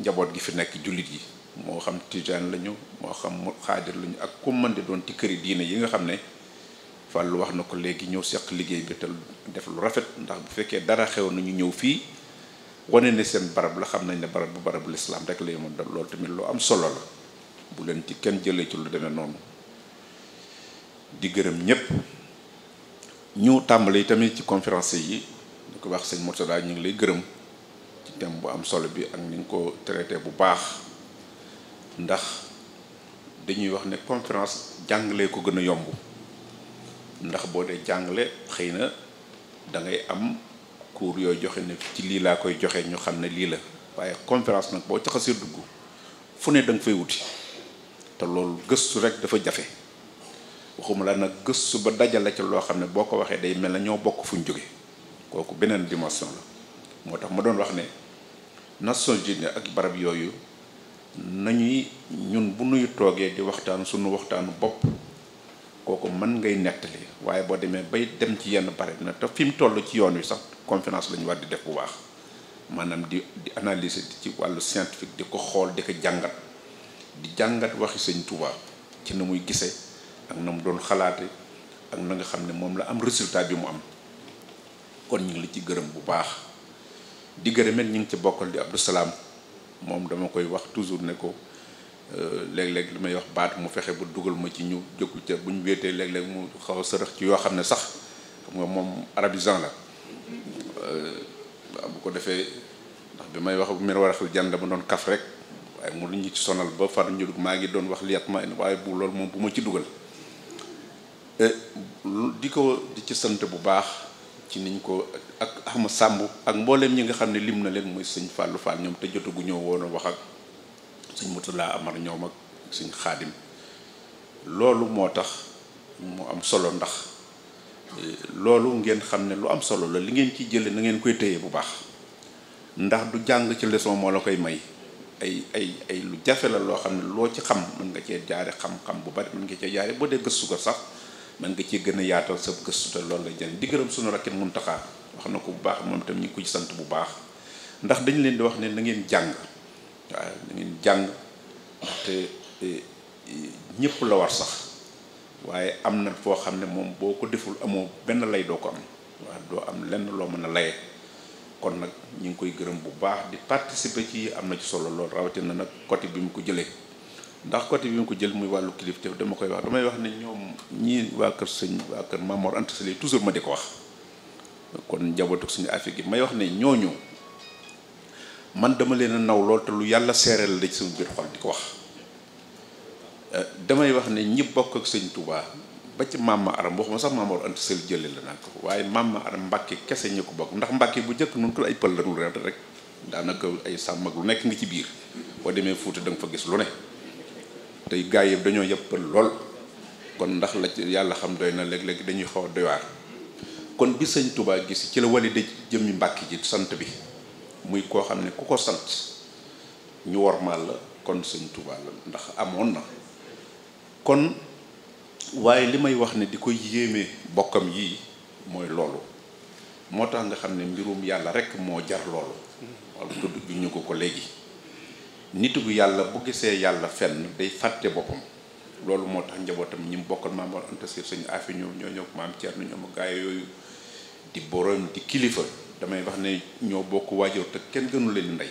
S5: njaboot gi fi nekk jullit yi moo xam tijaan lañu moo xam xaadir lañu ak ku mën di doon ci këri diine yi nga xam ne lu wax na ko léegi ñëw seq liggéey bi te def lu rafet ndax bu fekkee dara xew nañu ñëw fii wane ne seen barab la xam nañ ne barab bu barab lislaam rek la yemoon loolu tamit lu am solo la bu leen ci kenn jëlee ci lu demee noonu di gërëm ñëpp ñu tàmbali tamit ci conférence yi ñu ko wax sëñ Mourtada ñu ngi lay gërëm ci thème bu am solo bi ak ni nga ko traité bu baax ndax dañuy wax ne conférence jàngalee ko gën a yomb ndax boo dee jàngale xëy na dangay am. cours yooyu joxe ne ci lii laa koy joxe ñu xam ne lii la waaye conférence nag boo ci xasee dugg fu ne da fay wuti te loolu gëstu rek dafa jafe waxuma la nag gëstu ba dajale ci loo xam ne boo ko waxee day mel na ñoo bokk fu ñu jóge kooku beneen dimension la moo tax ma doon wax ne Nations Unies ak barab yooyu nañuy ñun bu nuy toogee di waxtaan sunu waxtaanu bopp kooku mën ngay nettali waaye boo demee bay dem ci yenn pare na te fi mu toll ci yoon wi sax conférence la ñu war di def bu baax maanaam di di analyser ci wàllu scientifique di ko xool di ko jàngat di jàngat waxi sëñ Tuubaa ci na muy gisee ak na mu doon xalaate ak na nga xam ne moom la am résultat bi mu am kon ñu ngi ci gërëm bu baax di gërëmet ñu ngi ci bokkal di Abdou Salaam moom dama koy wax toujours ne ko Euh, léeg-léeg li may wax baat mu fexe ba dugal ma ci ñu jógu ca bu ñu wéetee léeg-léeg mu xaw a sërëx ci yoo xam ne sax xam nga moom arabisan la euh, bu ko defee ndax bi may wax bu mer waraxal jan dama doon kaf rek waaye mu lu ci sonal ba far ñu maa ngi doon wax liat ma waaye bu loolu moom bu ma ci dugal euh, di ko di ci sant bu baax ci niñ ko ak Ahma sàmbu ak mbooleem ñi nga xam ne lim na leen muy sëñ Fallou Fall ñoom te jotagu ñëw woon wax ak sëñ Murtala Amar ñoom ak sëñ Xaadim loolu moo tax mu am solo ndax eh, loolu ngeen xam ne lu am solo la li ngeen ci jële na ngeen koy téye bu baax ndax du jàng ci leçon moo la koy may ay ay ay lu jafe la loo xam ne loo ci xam mën nga cee jaare xam bu bari mën nga cee jaare boo dee gëstu ko sax mën nga cee gën a yaatal sa gëstu te lool la jëriñ di gërëm suñu rakkit Muntaxa wax na ko bu baax moom itam ñu ngi koy sant bu baax ndax dañ leen di wax ne na ngeen jàng waaw da jàng te ñëpp la war sax waaye am na foo xam ne moom boo ko deful amoo benn lay doo ko am waaw doo am lenn loo mën a laye kon nag ñu ngi koy gërëm bu baax di participer ci am na ci solo lool rawatina nag côté bi mu ko jëlee ndax côté bi mu ko jël muy wàllu kilifteef dama koy wax damay wax ne ñoom ñii waa kër sëñ waa kër Mamor Anta toujours ma di ko wax kon njabootu suñu affaire gi may wax ne ñooñu. man dama leen a naw lool te lu yàlla seereel la ci suñu biir xol di ko wax euh, damay wax ne ñi bokk ak sëñ Touba ba ci maam ma aram waxuma sax maam Mor Anta Sali la naan ko waaye maam ma aram kese ñu ko bokk ndax Mbàkke bu njëkk nun ko ay pël lanul rek daanaka ay sàmm nekk ngi ci biir boo demee Fuuta da nga gis lu ne tey gaa yëpp dañoo yëppal lool kon ndax la yàlla xam doy na léeg-léeg dañuy xaw a doy kon bi sëñ Touba gis ci la wali de jëmmi Mbàkke ji sant bi muy koo xam ne ku ko sant ñu wormaal la kon sëñ Tuubaa la ndax amoon na kon waaye li may wax ne di ko yéeme bokkam yii mooy loolu moo tax nga xam ne mbirum yàlla rekk moo jar loolu wala tudd bi ñu ko ko léegi nit gu yàlla bu gisee yàlla fenn day fàtte boppam loolu moo tax njabootam ñi mu bokkal maam war anta si sëñ ñoom ñoo ñoo maam Cerno ñoom gaay yooyu di boroom di kilifa damay wax ne ñoo bokk waajur te kenn gënu leen ndey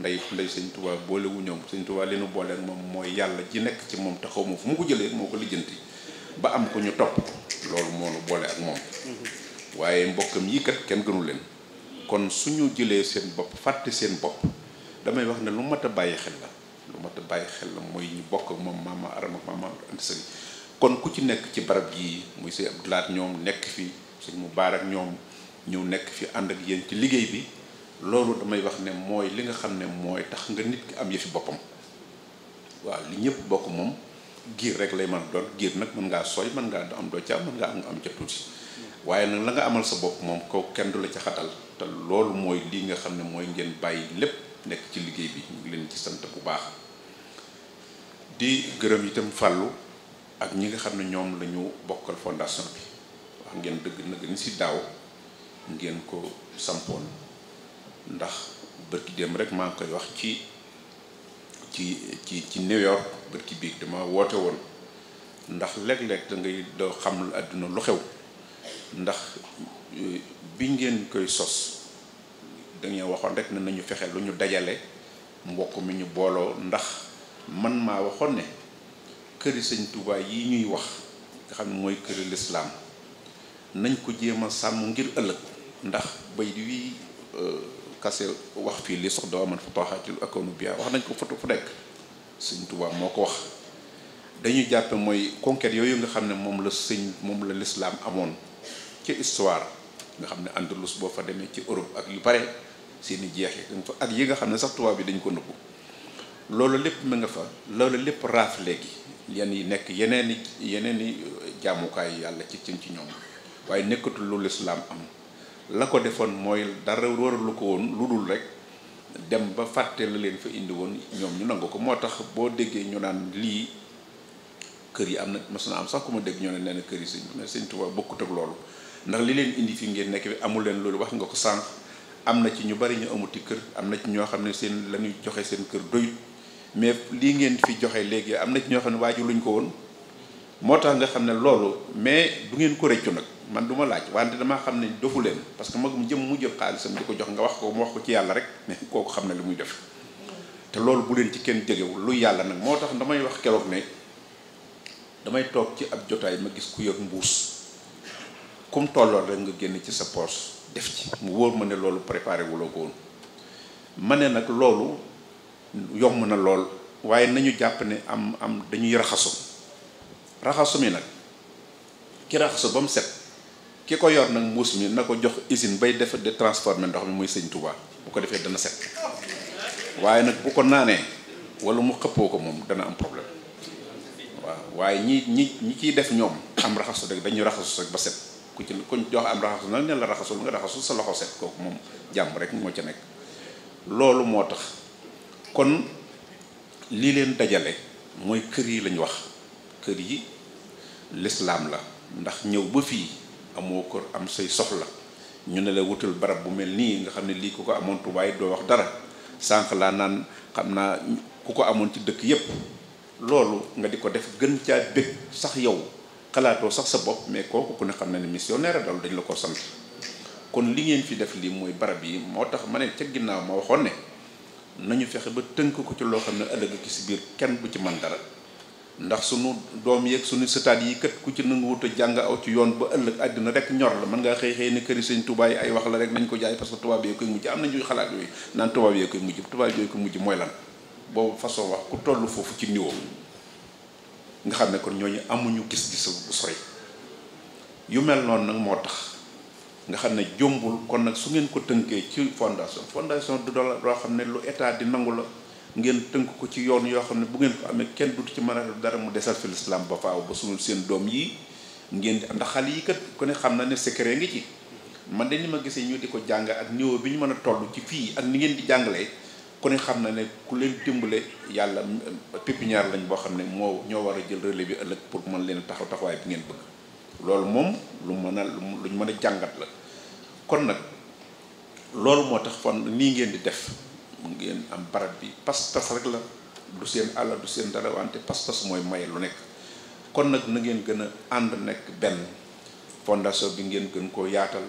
S5: ndey ndey sëñ tubaab boolewu ñoom sëñ Tuubaa leenu boole ak moom mooy yàlla ji nekk ci moom te xaw ma fu mu ko jëlee moo ko lijjanti ba am ko ñu topp loolu moo nu boole ak
S6: mm-hmm.
S5: mbokkam yi kat kenn gënu leen kon suñu jëlee seen bopp fàtte seen bopp damay wax ne lu mat a bàyyi xel la lu mat a bàyyi xel la mooy ñu bokk ak moom maama aram ak maama Anta kon ku ci nekk ci barab yii muy sëñ Abdou ñoom nekk fii baar ak ñoom ñëw nekk fi ànd ak yéen ci liggéey bi loolu damay wax ne mooy li nga xam ne mooy tax nga nit ki am yëfi boppam waaw li ñëpp bokk moom giir rek lay mën a doon giir nag mën ngaa sooy mën ngaa am doo ca mën ngaa am ca tuuti waaye nag la nga amal sa bopp moom ko kenn du la ci xatal te loolu mooy lii nga xam ne mooy ngeen bàyyi lépp nekk ci liggéey bi leen ci sant bu baax di gërëm itam fàllu ak ñi nga xam ne ñoom lañu bokkal fondation bi wax ngeen dëgg nag ni si daaw ngeen ko sampoon ndax bërki dem rek maa ngi koy wax ci ci ci ci New York bërki biig dama woote woon ndax léeg-léeg da ngay doo xam àdduna lu xew ndax euh, bi ngeen koy sos dañoo waxoon rek ne nañu fexe lu ñu dajale mbokk mi ñu booloo ndax man maa waxoon ne këri sëñ Tuubaa yi ñuy wax nga xam ne mooy këri lislaam nañ ko jéem a sàmm ngir ëllëg ndax bayit wi euh, kase wax fii li sox doo man fa tooxaacil akoonu biyaa wax nañ ko foto fu nekk sëñ Tuubaa moo ko wax dañuy jàppe mooy conquête yooyu nga xam ne moom la sëñ moom la lislaam amoon ci histoire nga xam ne Andalus boo fa demee ci Europe ak yu bare seeni jeex yi fa ak yi nga xam ne sax tubaab bi dañ ko nëbbu loolu lépp mi nga fa loolu lépp raaf léegi yenn yi nekk yeneen i yeneen i jaamukaay yàlla ci cin ci ñoom waaye nekkatul lu lislaam am la ko defoon mooy dara waralu ko woon lu dul rek dem ba fàtte la leen fa indi woon ñoom ñu nangu ko moo tax boo déggee ñu naan lii kër yi am na mas am sax ku ma dégg ñoo ne kër yi sëñ mais sëñ bokkut ak loolu ndax li leen indi fi ngeen nekk bi amul leen loolu wax nga ko sànq am na ci ñu bari ñu amuti kër am na ci ñoo xam ne seen la joxe seen kër doy mais lii ngeen fi joxe léegi am na ci ñoo xam ne waaju luñ ko woon moo tax nga xam ne loolu mais du ngeen ko rëccu nag man duma laaj wante damaa xam ne dofu leen parce que magum jëm mu jël xaalisam di ko jox nga wax ko mu wax ko ci yàlla rek ne kooku xam ne lu muy def te loolu bu leen ci kenn jegewul lu yàlla nag moo tax damay wax keroog ne damay toog ci ab jotaay ma gis ku yor mbuus kum tolloon rek nga génn ci sa poche def ci mu wóor ma ne loolu préparé wuloo ko ma ne nag loolu yomb na lool waaye nañu jàpp ne am am dañuy raxasu raxasu mi nag ki raxasu ba mu set ki ko yor nag mbuus mi na ko jox usine bay def de transformer ndox mi muy sëñ Touba bu ko defee dana set waaye nag bu ko naanee wala mu xëppoo ko moom dana am problème waaw waaye ñi ñi ñi ciy def ñoom am raxasu rek dañuy raxasu rek ba set ku ci ku jox am raxasu nag ne la raxasul nga raxasul sa loxo set kooku moom jàmm rek moo ca nekk loolu moo tax kon lii leen dajale mooy kër yi lañ wax kër yi lislaam la ndax ñëw ba fii amoo ko am say soxla ñu ne lay wutal barab bu mel nii nga xam ne lii ku ko amoon Tuubaa it doo wax dara sànq laa naan xam naa ku ko amoon ci dëkk yépp loolu nga di ko def gën caa bëgg sax yow xalaatoo sax sa bopp mais kooku ku ne xam ne ne missionnaire daal dañu la ko sant kon li ngeen fi def lii mooy barab yi moo tax ma ne ca ginnaaw ma waxoon ne nañu fexe ba tënk ko ci loo xam ne ëllëg ci si biir kenn bu ci man dara ndax su sunu doom yeeg sunu sëtaat yi kat ku ci nanguwut a jàng aw ci yoon ba ëllëg àddina rek ñor la mën ngaa xëy xëy ne këri sëñ Tuubaa yi ay wax la rek nañ ko jaay parce que tubaab yee koy mujj am na ñuy xalaat yooyu naan tubaab yee koy mujj tubaab yee koy mujj mooy lan boobu façon wax ku toll foofu ci niveau nga xam ne kon ñooñu amuñu gis-gis bu soy yu mel noonu nag moo tax nga xam ne jombul kon nag su ngeen ko tënkee ci fondation fondation du dola loo xam ne lu état di nangu la ngeen tënk ko ci yoon yoo xam ne bu ngeen ko amee kenn dutu ci mën a dara mu desal fi lislaam ba faaw ba sunu seen doom yii ngeen di am ndax xale yi kat ku xam na ne secret ngi ci man de ni ma gisee ñu di ko jànga ak niveau bi ñu mën a toll ci fii ak ni ngeen di jàngalee ku xam na ne ku leen dimbale yàlla pépinière lañ boo xam ne moo ñoo war a jël relais bi ëllëg pour mën leen taxaw taxawaay ngeen bëgg loolu moom lu mën a luñ mën a jàngat la kon nag loolu moo tax fan nii ngeen di def mu ngeen am barab bi pas-pas rek la du seen àll du seen dara wante pas-pas mooy maye lu nekk kon nag na ngeen gën a ànd nekk benn fondation bi ngeen gën koo yaatal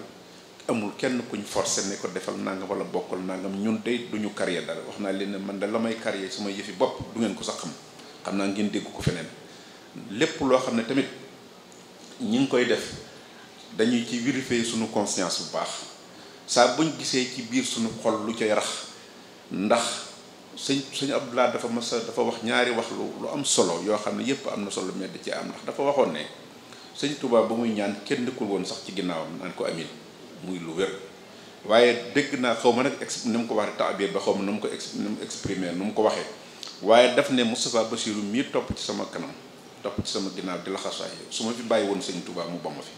S5: amul kenn kuñ forcé ne ko defal nangam wala bokkal nangam ñun de duñu carrier dara wax naa leen ne man da la may carrier su ma yëfi bopp du ngeen ko sax xam xam naa ngeen dégg ko feneen lépp loo xam ne tamit ñi ngi koy def dañuy ci vérifier suñu conscience bu baax saa buñ gisee ci biir suñu xol lu cay rax ndax sëñ sëñ Abdoulaye dafa ma a dafa wax ñaari wax lu lu am solo yoo xam ne yépp am na solo medd ci am ndax dafa waxoon ne sëñ tubaab ba muy ñaan kenn nekkul woon sax ci ginnaawam naan ko amin muy lu waaye dégg naa xaw ma nag ex ni mu ko waxee taabir ba xaw nu mu ko ex nu mu exprimer nu mu ko waxee waaye daf ne Moustapha Bassirou mii topp ci sama kanam topp ci sama ginnaaw di la xasaay su ma fi bàyyi woon sëñ Touba mu ba ma fi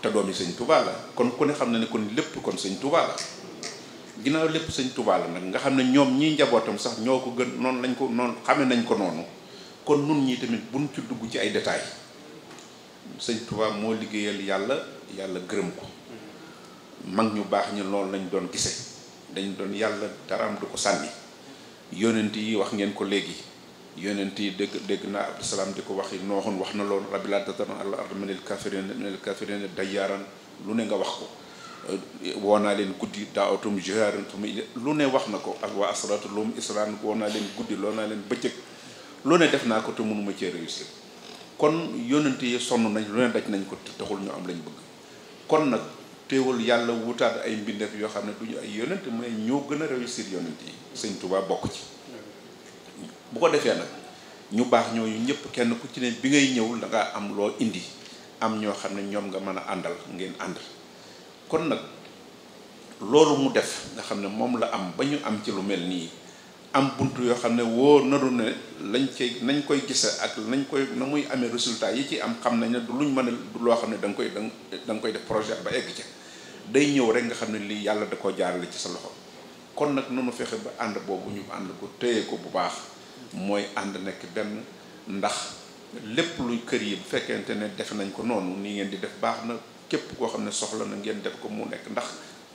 S5: te doom yi sëñ Touba la kon ku ne xam na ne kon lépp kon sëñ Touba la ginnaaw lépp sëñ Tuubaa la nag nga xam ne ñoom ñii njabootam sax ñoo ko gën noonu lañ ko noonu xame nañ ko noonu kon nun ñii tamit buñ ci dugg ci ay détails sëñ Tuubaa moo liggéeyal yàlla yàlla gërëm ko mag ñu baax ñi loolu lañ doon gise dañ doon yàlla daraam du ko sànni yonent yi wax ngeen ko léegi yonent yi dégg dégg naa Abdou Salaam di ko waxi nooxoon wax na loolu rabbi laa tazar alal ardi minal kaafiriina minal kaafiriina dayyaaran lu ne nga wax woo naa leen guddi daawatum jihaaratum lu ne wax na ko ak waa asratu lum israan woo naa leen guddi loo naa leen bëccëg lu ne def naa ko te mënuma cee réussir kon yónnante yi sonn nañ lu ne daj nañ ko te taxul ñu am lañ bëgg kon nag teewul yàlla wutaat ay mbindeef yoo xam ne du ñu ay yónnante mu ne ñoo gën a réussir yónnante yi sëñ Tuubaa bokk ci bu ko defee nag ñu baax ñooñu ñëpp kenn ku ci ne bi ngay ñëwul da am loo indi am ñoo xam ne ñoom nga mën a àndal ngeen ànd kon nag loolu mu def nga xam ne moom la am ba ñu am ci lu mel nii am bunt yoo xam ne wóor na ne lañ cay nañ koy gisa ak nañ koy na muy amee résultat yi ci am xam nañ ne du luñ mën a du loo xam ne danga nga koy da nga koy def projet ba egg ca day ñëw rek nga xam ne lii yàlla da koo jaarale ci sa loxo kon nag ma fexe ba ànd boobu ñu ànd ko téye ko bu baax mooy ànd nekk benn ndax lépp luy kër yi bu fekkente ne defe nañ ko noonu nii ngeen di def baax na képp koo xam ne soxla na ngeen dem ko mu nekk ndax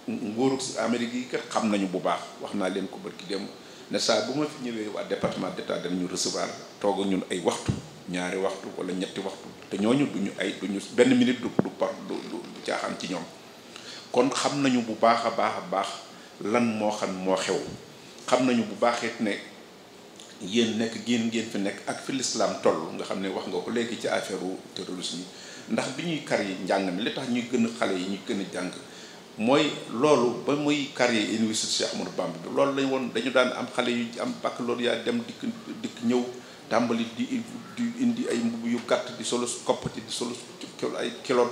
S5: nguuru Amérique yi kat xam nañu bu baax wax naa leen ko bërki démb ne saa bu ma fi ñëwee waa département d'état dañ ñu recevoir toog ñun ay waxtu ñaari waxtu wala ñetti waxtu te ñooñu duñu ay duñu benn minute du du par du du caaxaan ci ñoom kon xam nañu bu baax a baax a baax lan moo xam moo xew xam nañu bu baaxit ne yéen nekk génn ngeen fi nekk ak fi lislaam toll nga xam ne wax nga ko léegi ci affaire terrorisme yi ndax bi ñuy kar yi njàng mi li tax ñuy gën a xale yi ñu gën a jàng mooy loolu ba muy carrière université Cheikh Ahmadou Bamba loolu lañ woon dañu daan am xale yu am baccalauréat yaa dem dikk dikk ñëw tàmbali di di indi ay mbubb yu gàtt di solo koppati di solo ay kiloot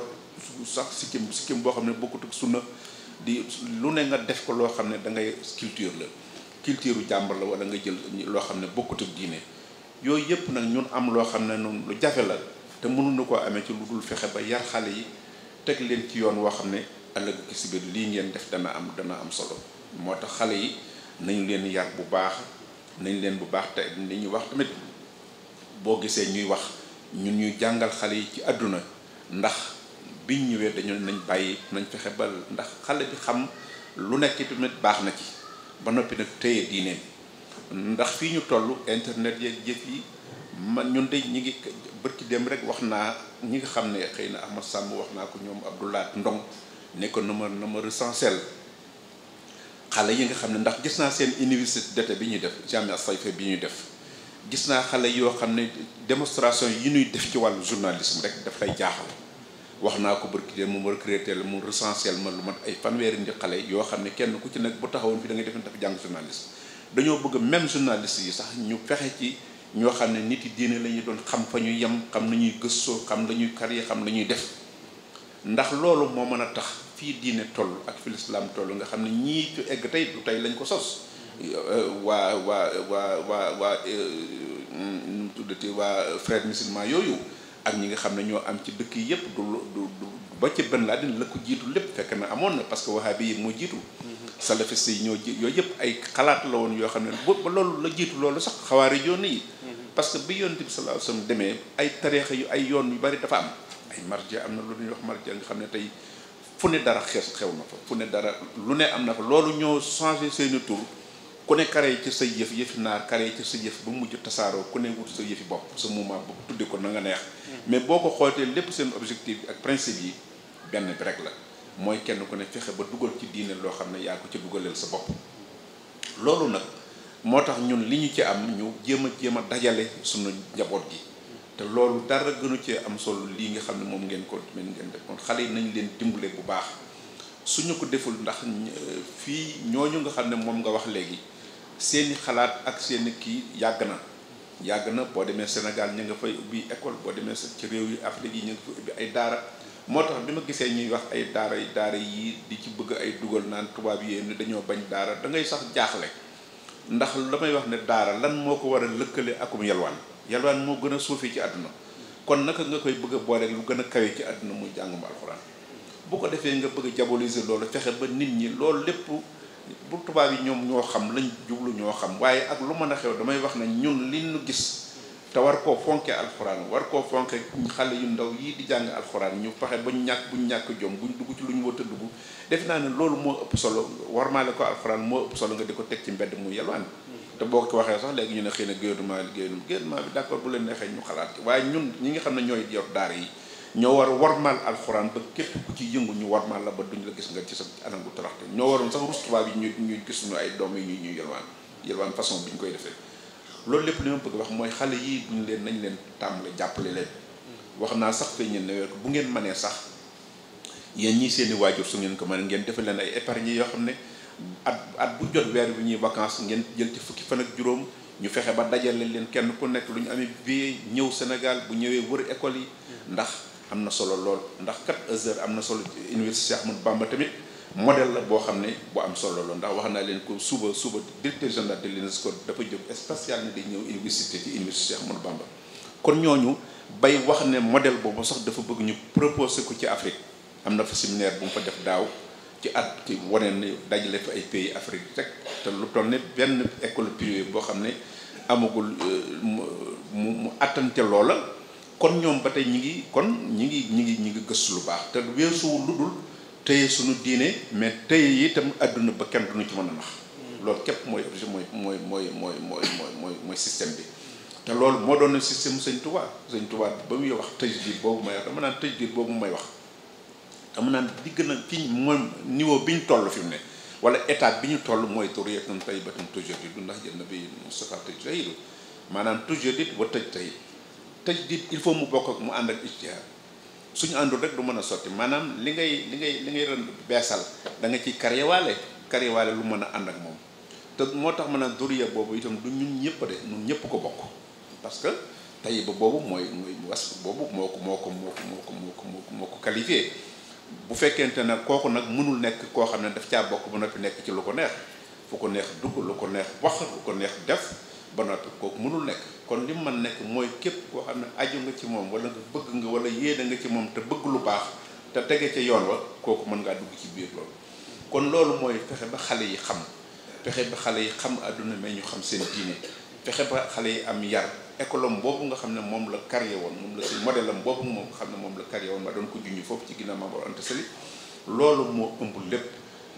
S5: sax sikkim sikkim boo xam ne bokkut ak sunna di lu ne nga def ko loo xam ne da ngay culture la culture u jàmbar la wala nga jël loo xam ne bokkut ak diine yooyu yëpp nag ñun am loo xam ne noonu lu jafe la te mënuñu koo amee ci lu dul fexe ba yar xale yi teg leen ci yoon woo xam ne ëllëg si biir lii ngeen def dana am dana am solo moo tax xale yi nañu leen yar bu baax nañ leen bu baax te li ñuy wax tamit boo gisee ñuy wax ñu ñuy jàngal xale yi ci àdduna ndax biñ ñëwee dañu nañ bàyyi nañ fexe ba ndax xale bi xam lu nekk tamit baax na ci ba noppi nag téye diineem ndax fii ñu toll internet yeeg jëf yi. man ñun de ñi ngi bërki dem rek wax naa ñi nga xam ne xëy na Ahmad Samb wax naa ko ñoom Abdoulaat Ndong ne ko na ma na ma recensel xale yi nga xam ne ndax gis naa seen université d'été bi ñuy def Jamia Sayfa bi ñuy def gis naa xale yoo xam ne démonstration yi ñuy def ci wàllu journalisme rek daf lay jaaxal wax naa ko bërki dem mu recruté la mu recensé ma lu mat ay fanweeri ndi xale yoo xam ne kenn ku ci nekk bu taxawoon fi da ngay def dafa jàng journalisme dañoo bëgg même journaliste ñoo xam ne nit yi diine la doon xam fa ñu yem xam nañuy gëstoo xam la ñuy karye xam la ñuy def ndax loolu moo mën a tax fii diine toll ak fi lislaam toll nga xam ne ñii ci egg tey du tey lañ ko sos waa waa waa waa waa euh, nu mu tuddati waa frère musulman yooyu ak ñi nga xam ne ñoo am ci dëkk yi yépp du du ba ci benn laa din la ko jiitu lépp fekk na amoon na parce que wahabi yi moo jiitu mm-hmm. salafiste yi ñoo ji yooyu yëpp ay xalaat la woon yoo xam ne ba loolu la jiitu loolu sax xawaari joon yi parce que bi yonent bi sallallahu alayhi wasallam demee ay tariixa yu ay yoon yu bari dafa am ay marja am na lu ñuy wax marja nga xam ne tey fu ne dara xees xew na fa fu ne dara lu ne am na fa loolu ñoo changé seeni tur ku ne karee ci sa yëf yëfi naar karee ci sa yëf ba mujj tasaaroo ku ne wut sa yëfi bopp sa moment bopp tuddee ko na nga neex hmm. mais boo ko xootee lépp seen objectif ak principe yi benn bi rek la mooy kenn ku ne fexe ba dugal ci diine loo xam ne yaa ko ci dugaleel sa bopp loolu moo tax ñun li ñu ci am ñu jéem a jéem a dajale suñu njaboot gi te loolu dara gënu cee am solo lii nga xam ne moom ngeen ko mën ngeen def kon yi nañ leen dimbale bu baax suñu ko deful ndax euh, fii ñooñu nga xam ne moom nga wax léegi seeni xalaat ak seeni kii yàgg na yàgg na boo demee Sénégal ñu nga fay ubbi école boo demee sa ci réew yi Afrique yi ñu nga fay ubbi ay daara moo tax bi ma gisee ñuy wax ay daara daara yi di ci bëgg ay dugal naan tubaab yi yéen dañoo bañ daara dangay sax jaaxle ndax damay wax ne daara lan moo ko war a lëkkale akum yalwaan yalwaan moo gën a suufee ci àdduna kon naka nga koy bëgg a boole lu gën a kawe ci àdduna muy jàngum alxuraan bu ko defee nga bëgg a jaboliser loolu fexe ba nit ñi loolu lépp bu tubaab yi ñoom ñoo xam lañ jublu ñoo xam waaye ak lu mën a xew damay wax ne ñun li ñu gis te war koo fonke alxuraan war koo fonke xale yu ndaw yii di jàng alxuraan ñu fexe ba ñu ñàkk bu ñu ñàkk jom buñ dugg ci lu ñu wëtt dugg def naa ne loolu moo ëpp solo warmaale ko alxuraan moo ëpp solo nga di ko teg ci mbedd mu yelwaan mm-hmm. te boo ko waxee sax léegi ñu ne xëy na gouvernement liggéeyul gouvernement bi d'accord bu leen neexee ñu xalaat waaye ñun ñi nga xam ne ñooy yor daara yi ñoo war warmaal alxuraan ba képp ku ci yëngu ñu warmaal la ba duñ la gis nga ci sa anam gu taraxte ñoo waroon sax rus tubaab yi ñu ay doom yi ñuy ñuy yelwaan yelwaan façon bi ñu koy defee loolu lépp li ma bëgg wax mooy xale yii duñ leen nañ leen tàmbale jàppale leen wax naa sax fee ñeen ne ko bu ngeen manee sax yéen ñii seeni waajur su ngeen ko mënee ngeen defee leen ay épargne yoo xam ne at at bu jot weer bu ñuy vacances ngeen jël ci fukki fan ak juróom ñu fexe ba dajale leen kenn ku nekk lu ñu amee billet ñëw Sénégal bu ñëwee wër école yi ndax am na solo lool ndax kat Azhar am na solo université Cheikh Ahmadou tamit modèle la boo xam ne boo am solo la ndax wax naa leen ko suba suba directeur général de l'UNESCO dafa jóg spécial ni day ñëw université ci université Cheikh Ahmadou Bamba kon ñooñu bay wax ne modèle boobu sax dafa bëgg ñu proposé ko ci Afrique am na fa séminaire bu mu fa def daaw ci at ci wane ne dajale fa ay pays Afrique rek te lu toll ne benn école privée boo xam ne amagul euh, mu mu attante loola kon ñoom ba tey ñi ngi kon ñi ngi ñi ngi ñi ngi gëstu lu baax te weesuwul lu dul téye suñu diine mais téye itam àdduna ba kenn duñu ci mën a nax loolu képp mooy mooy mooy mooy mooy mooy mooy mooy système bi te loolu moo doon système sañ Touba sëñ Touba ba muy wax tëj diir boobu may wax dama naan tëj diir boobu may wax dama naan di gën a fi moom niveau bi ñu toll fi mu ne wala état bi ñu toll mooy turiyatun tayyibatun tujaddidu ndax jël na bi Moustapha tëj maanaam tujaddidu wa tëj tey tëj diir il faut mu bokk ak mu ànd ak ijtihaad suñu àndul rek du mën a sotti maanaam li ngay li ngay li ngay ren beesal danga nga ciy karyewaale karyewaale lu mën a ànd ak moom te moo tax mën a duriya boobu itam du ñun ñëpp de ñun ñëpp ko bokk parce que tey ba boobu mooy mooy was boobu moo ko moo ko moo ko moo ko moo ko moo ko moo bu fekkente ne kooku nag mënul nekk koo xam ne daf caa bokk ba noppi nekk ci lu ko neex fu ko neex dugg lu ko neex wax lu ko neex def ba noppi kooku mënul nekk kon li mu mën nekk mooy képp koo xam ne aju nga ci moom wala nga bëgg nga wala yéene nga ci moom te bëgg lu baax te tege ca yoon wa kooku mën ngaa dugg ci biir loolu kon loolu mooy fexe ba xale yi xam fexe ba xale yi xam àdduna mais ñu xam seen diine fexe ba xale yi am yar école boobu nga xam ne moom la carrière woon moom la si modèle am boobu moom xam ne moom la carrière woon ma doon ko junj foofu ci ginnaaw Mame Mor Anta loolu moo ëmb lépp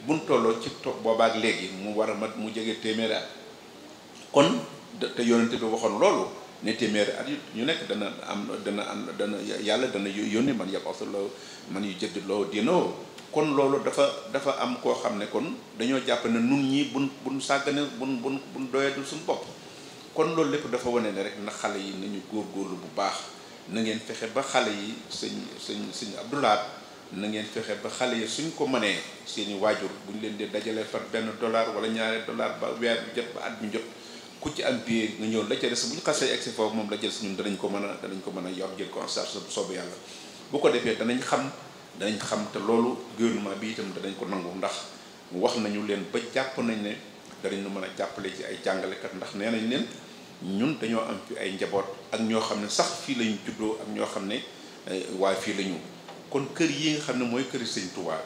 S5: buñ tolloo ci toog boobaak léegi mu war a mat mu jege téeméer kon te yonent bi waxoon loolu ne téeméeri at yu nekk dana am dana am dana yàlla dana yoon yónni man yab la man yu jëdd loo dinoo kon loolu dafa dafa am koo xam ne kon dañoo jàpp ne nun ñi buñ buñ sàggane buñ buñ buñ doyadul suñu bopp kon loolu lépp dafa wane ne rek ndax xale yi nañu góorlu bu baax na ngeen fexe ba xale yi sëñ sëñ sëñ abdulaat na ngeen fexe ba xale yi suñ ko mënee seeni waajur bu ñu leen dee dajalee far benn dollar wala ñaari dollar ba weer bi at mi jot ku ci am billet nga ñëw la ca des xasee egsi foofu moom la ca des ñun danañ ko mën a danañ ko mën a yor jël ko en danañ xam danañ xam te loolu gouvernement bi itam danañ ko nangu ndax wax nañu leen ba jàpp nañ ne danañ nu mën a jàppale ci ay jàngalekat ndax nee nañ leen ñun dañoo am ay njaboot ak ñoo xam ne sax fii lañ juddoo ak ñoo xam ne eh, waaye fii la ñu kon kër yi nga xam ne mooy këri sëñ Tuubaa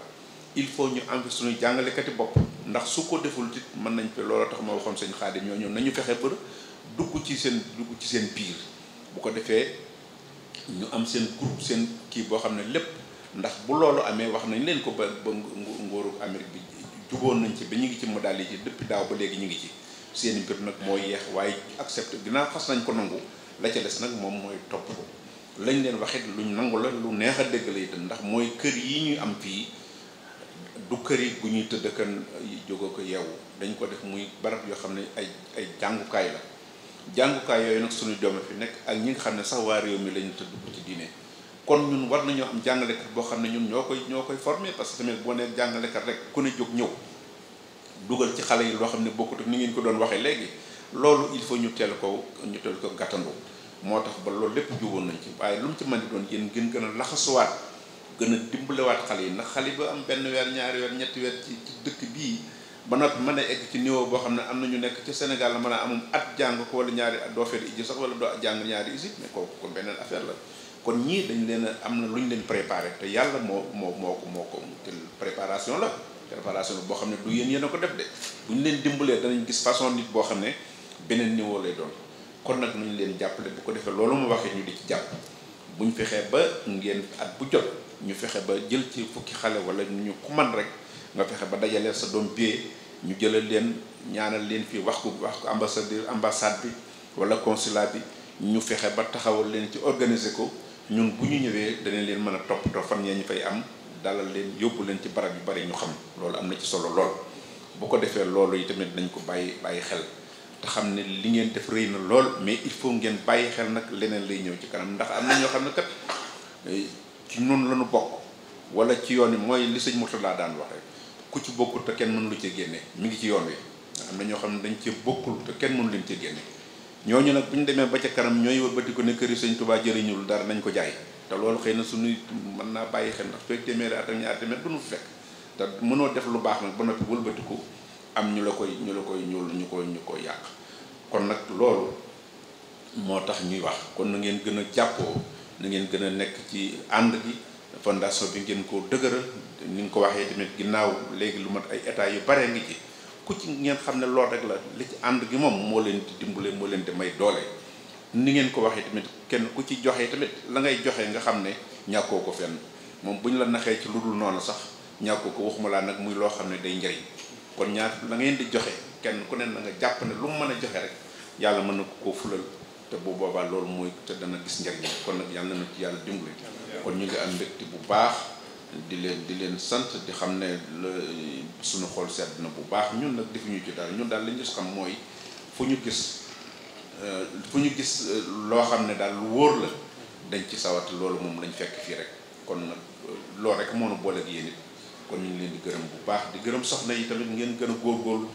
S5: il faut ñu investir suñu jàngalekati bopp ndax su ko deful it mën nañ fi loolu tax ma waxoon sañ Xaadim ñoo ñoom nañu fexe ba dugg ci seen dugg ci seen piir bu ko defee ñu am seen groupe seen kii boo xam ne lépp ndax bu loolu amee wax nañ leen ko ba ba nguuru Amérique bi jugoon nañ ci ba ñu ngi ci modalité depuis daaw ba léegi ñu ngi ci seen mbir nag moo yeex waaye accepté dinaa xas nañ ko nangu la ca des nag moom mooy topp ko lañ leen waxit luñ nangu la lu neex a dégg la ndax mooy kër yi ñuy am fii du kër gu ñuy tëdd kan jóge ko yeewu dañ ko def muy barab yoo xam ne ay ay jàngukaay la jàngukaay yooyu nag suñu doome fi nekk ak ñu nga xam ne sax waa réew mi lañu tëdd ko ci diine kon ñun war nañoo am jàngalekat boo xam ne ñun ñoo koy ñoo koy formé parce que tamit boo nee jàngalekat rek ku ne jóg ñëw dugal ci xale yi loo xam ne bokkut ak ni ngeen ko doon waxee léegi loolu il faut ñu teel ko ñu teel ko gàttandoo moo tax ba loolu lépp jógoon nañ ci waaye lu mu ci mën di doon yéen ngeen gën a laxasuwaat gën a dimbaliwaat xale yi ndax xale ba am benn weer ñaari weer ñetti weer ci ci dëkk bii ba noppi mën a egg ci niveau boo xam ne am na ñu nekk ci Sénégal mën a amum at jàng ko wala ñaari at doo fee iji sax wala doo jàng ñaari beneen affaire la kon ñii dañ leen am na lu leen préparé te yàlla moo moo moo moo ko te préparation la préparation boo xam ne du yéen yéen a ko def bu ñu leen dimbalee danañ gis façon nit boo xam ne beneen niveau lay doon kon nag nañ leen jàppale bu ko defee loolu mu waxee ñu di ci jàpp buñ fexee ba ngeen at bu jot ñu fexe ba jël ci fukki xale wala ñu ku man rek nga fexe ba dajalee sa doom bi ñu jëlal leen ñaanal leen fii wax ko wax ko ambassadeur ambassade bi wala consulat bi ñu fexe ba taxawal leen ci organiser ko ñun bu ñu ñëwee danañ leen mën a toppatoo fan yee ñu fay am dalal leen yóbbu leen ci barab yu bari ñu xam loolu am na ci solo lool boo ko defee loolu yi tamit nañ ko bàyyi bàyyi xel te xam ne li ngeen def rëy na lool mais il faut ngeen bàyyi xel nag leneen lay ñëw ci kanam ndax am na ñoo xam ne kat ci noonu la ñu bokk wala ci yoon wi mooy li sëñ Mourtala daan wax rek ku ci bokkul te kenn mënu lu ci génne mu ngi ci yoon wi am ñoo xam ne dañ ci bokkul te kenn mënu leen ci ñooñu nag bu ñu demee ba ca kanam ñooy wëlbati ko ne kër yi tubaa Tuubaa jëriñul dara nañ ko jaay te loolu xëy na suñuy mën naa bàyyi xel ndax feeg téeméeri at ak ñaar téeméer du ñu fekk te mënoo def lu baax nag ba noppi wëlbatiku am ñu la koy ñu la koy ñuul ñu ko ñu koy yàq kon nag loolu moo tax ñuy wax kon na ngeen gën a jàppoo na ngeen gën a nekk ci ànd gi fondation bi ngeen koo dëgëral ni nga ko waxee tamit ginnaaw léegi lu mat ay état yu bare ngi ci ku ci ngeen xam ne lool rek la li ci ànd gi moom moo leen di dimbale moo leen di may doole ni ngeen ko waxee tamit kenn ku ci joxe tamit la ngay joxe nga xam ne ñàkkoo ko fenn moom bu ñu la naxee ci lu dul noonu sax ñàkkoo ko waxuma laa nag muy loo xam ne day njëriñ kon ñaar la ngeen di joxe kenn ku ne na nga jàpp ne lu mu mën a joxe rek yàlla mën na ko koo fulal te bu boobaa loolu mooy te dana gis njariñ kon nag yàlla na ci yàlla dimbali kon ñu ngi am mbégte bu baax di leen di leen sant di xam ne suñu xool sedd na bu baax ñun nag defuñu ci dara ñun daal li ñu xam mooy fu ñu gis euh, fu ñu gis euh, loo xam ne daal lu wóor la dañ ci sawat loolu moom lañ fekk fii rek kon nag euh, lool rek moo nu booleeg yéen it kon ñu ngi leen di gërëm bu baax di gërëm soxna yi tamit ngeen gën a góorgóorlu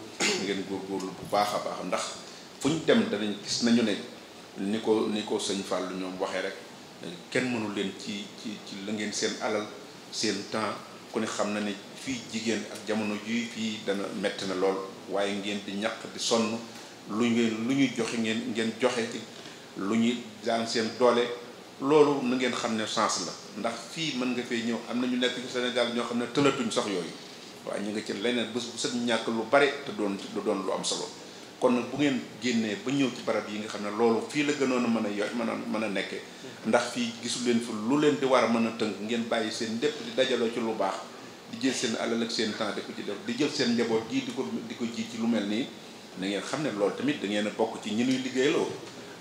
S5: ngeen góorgóorlu bu baax a baax ndax fu ñu dem danañ gis nañu ne. ni ko ni ko sëñ Fall ñoom waxee rek kenn mënul leen ci ci ci la ngeen seen alal seen temps ku ne xam na ne fii jigéen ak jamono ji fii dana metti na lool waaye ngeen di ñàq di sonn lu ngeen lu ñuy joxe ngeen ngeen joxe lu ñuy daan seen doole loolu na ngeen xam ne chance la ndax fii mën nga fee ñëw am na ñu nekk ñu Sénégal ñoo xam ne tëlatuñ sax yooyu waaye ñu nga ci leneen bés bu set ñàkk lu bare te doon lu doon lu am solo. kon nag bu ngeen génnee ba ñëw ci barab yi nga xam ne loolu fii la gënoon a mën a yo mën a mën a nekkee mm-hmm. ndax fii gisul leen fi lu leen di war a mën a tënk ngeen bàyyi seen lépp di dajaloo ci lu baax di jël seen alal ak seen temps di ko ci def di jël seen njaboot ji di ko di ko ji ci lu mel nii na ngeen xam ne loolu tamit da ngeen a bokk ci ñi ñuy liggéeyloo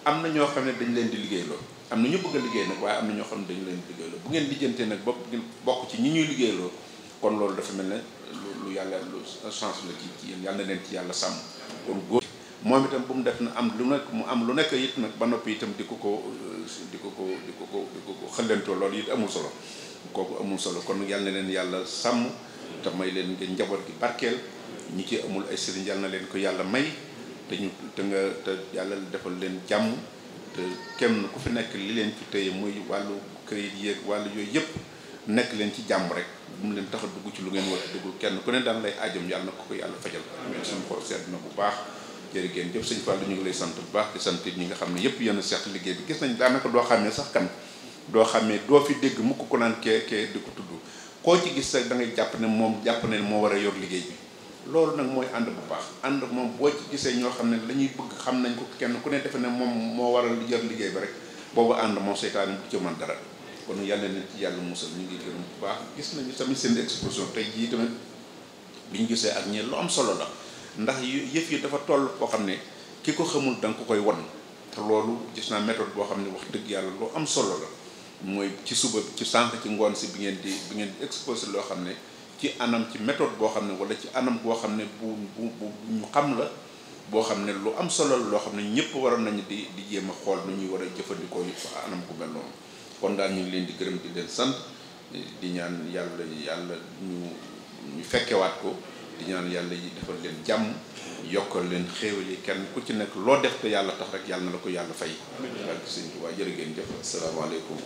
S5: am na ñoo xam ne leen di liggéeyloo am na ñu bëgg a liggéey nag waaye na ñoo xam ne dañu leen di liggéeyloo bu ngeen lijjantee nag bopp bokk ci ñi ñuy liggéeyloo kon loolu dafa mel ne lu yàlla lu la ci ci yéen yàlla leen ci yàlla sàmm moom itam bu mu def na am lu nekk mu am lu nekk it nag ba noppi itam di ko ko euh, di ko ko di ko ko di ko ko loolu it amul solo kooku amul solo kon yàlla na leen yàlla sàmm te may leen ngeen njaboot gi barkeel ñi ci amul ay sëriñ yàlla leen ko yàlla may te ñu te nga te yàlla defal leen jàmm te kenn ku fi nekk li leen fi téye muy wàllu crédit yeeg wàllu yooyu yëpp nekk leen ci jàmm rek bu mu leen tax a dugg ci lu ngeen war a dugg kenn ku ne daan lay ajam yàlla na ko ko yàlla fajal. amiin suñu xol sedd na bu baax. jërë ngeen jëf sëñ ñu ngi lay sant bu baax di sant ñi nga xam ne yëpp yéen a seq liggéey bi gis nañ daanaka sax kan doo xàmmee doo fi dégg mukk ko naan kee kee di ko tudd koo ci gis rek da jàpp ne moom jàpp ne moo war a yor liggéey loolu nag mooy ànd bu baax ànd moom boo ci gisee ñoo xam ne la bëgg xam nañ ko kenn ku ne defe ne moom moo war a yor liggéey bi rek boobu ànd moom seytaane bu ci mën dara kon yàlla na ci yàlla musal ñu ngi gërëm bu baax gis nañu tamit seen exposition tey jii tamit bi ñu gisee ak ñi lu am solo la ndax yëf yi dafa toll koo xam ne ki ko xamul da koy won te loolu gis naa méthode boo xam ne wax dëgg yàlla lu am solo la mooy ci suba ci sant ci ngoon si bi ngeen di bi ngeen di exposé loo xam ne ci anam ci méthode boo xam ne wala ci anam boo xam ne bu bu bu ñu xam la boo xam ne lu am solo la loo xam ne ñëpp waroon nañu di di jéem a xool nu ñuy war a jëfandikoo ñu anam ku mel noonu kon daal ñu ngi leen di gërëm bi leen sant di ñaan yàlla yàlla ñu ñu fekkewaat ko. di ñaan yàlla yi defal leen jàmm yokkal leen xéewal yi kenn ku ci nekk loo def te yàlla tax rek yàlla na la ko yàlla fay ak sëñ Tuubaa jërë ngeen jëf asalaamaaleykum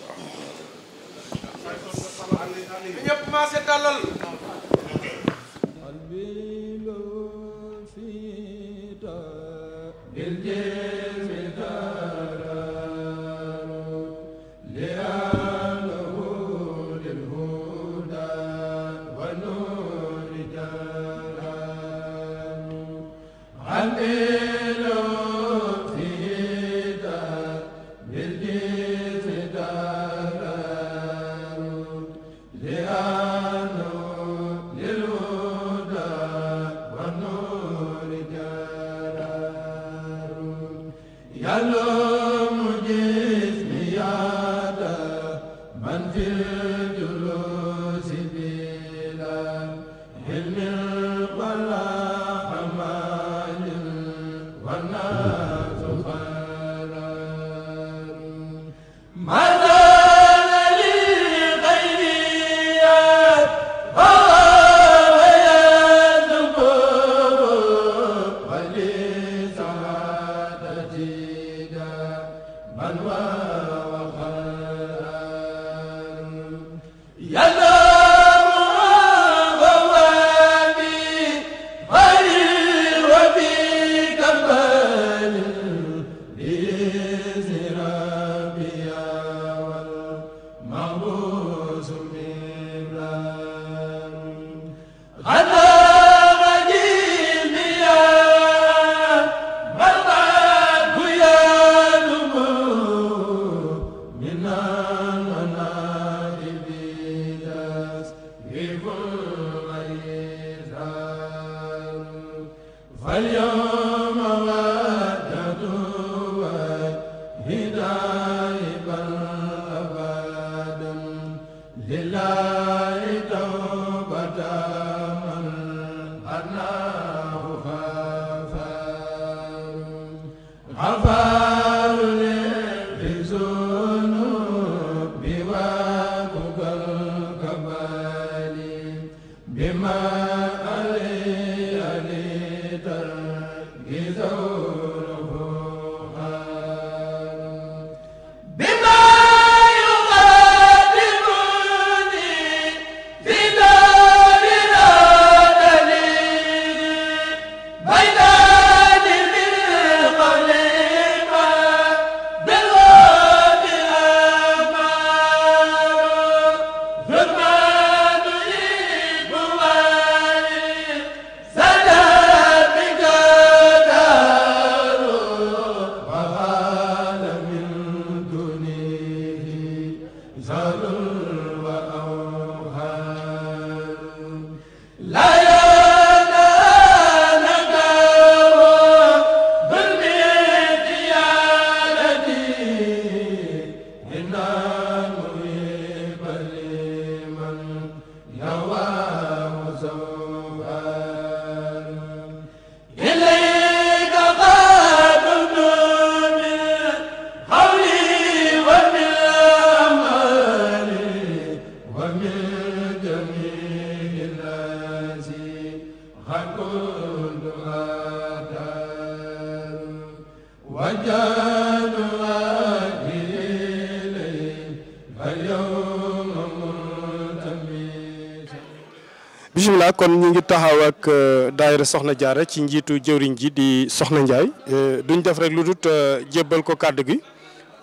S7: kon ñu ngi taxaw ak euh, daayira Soxna Jaara ci njiitu jëwriñ ji di Soxna Njaay euh, duñ def rek lu dut euh, jébbal ko kàddu gi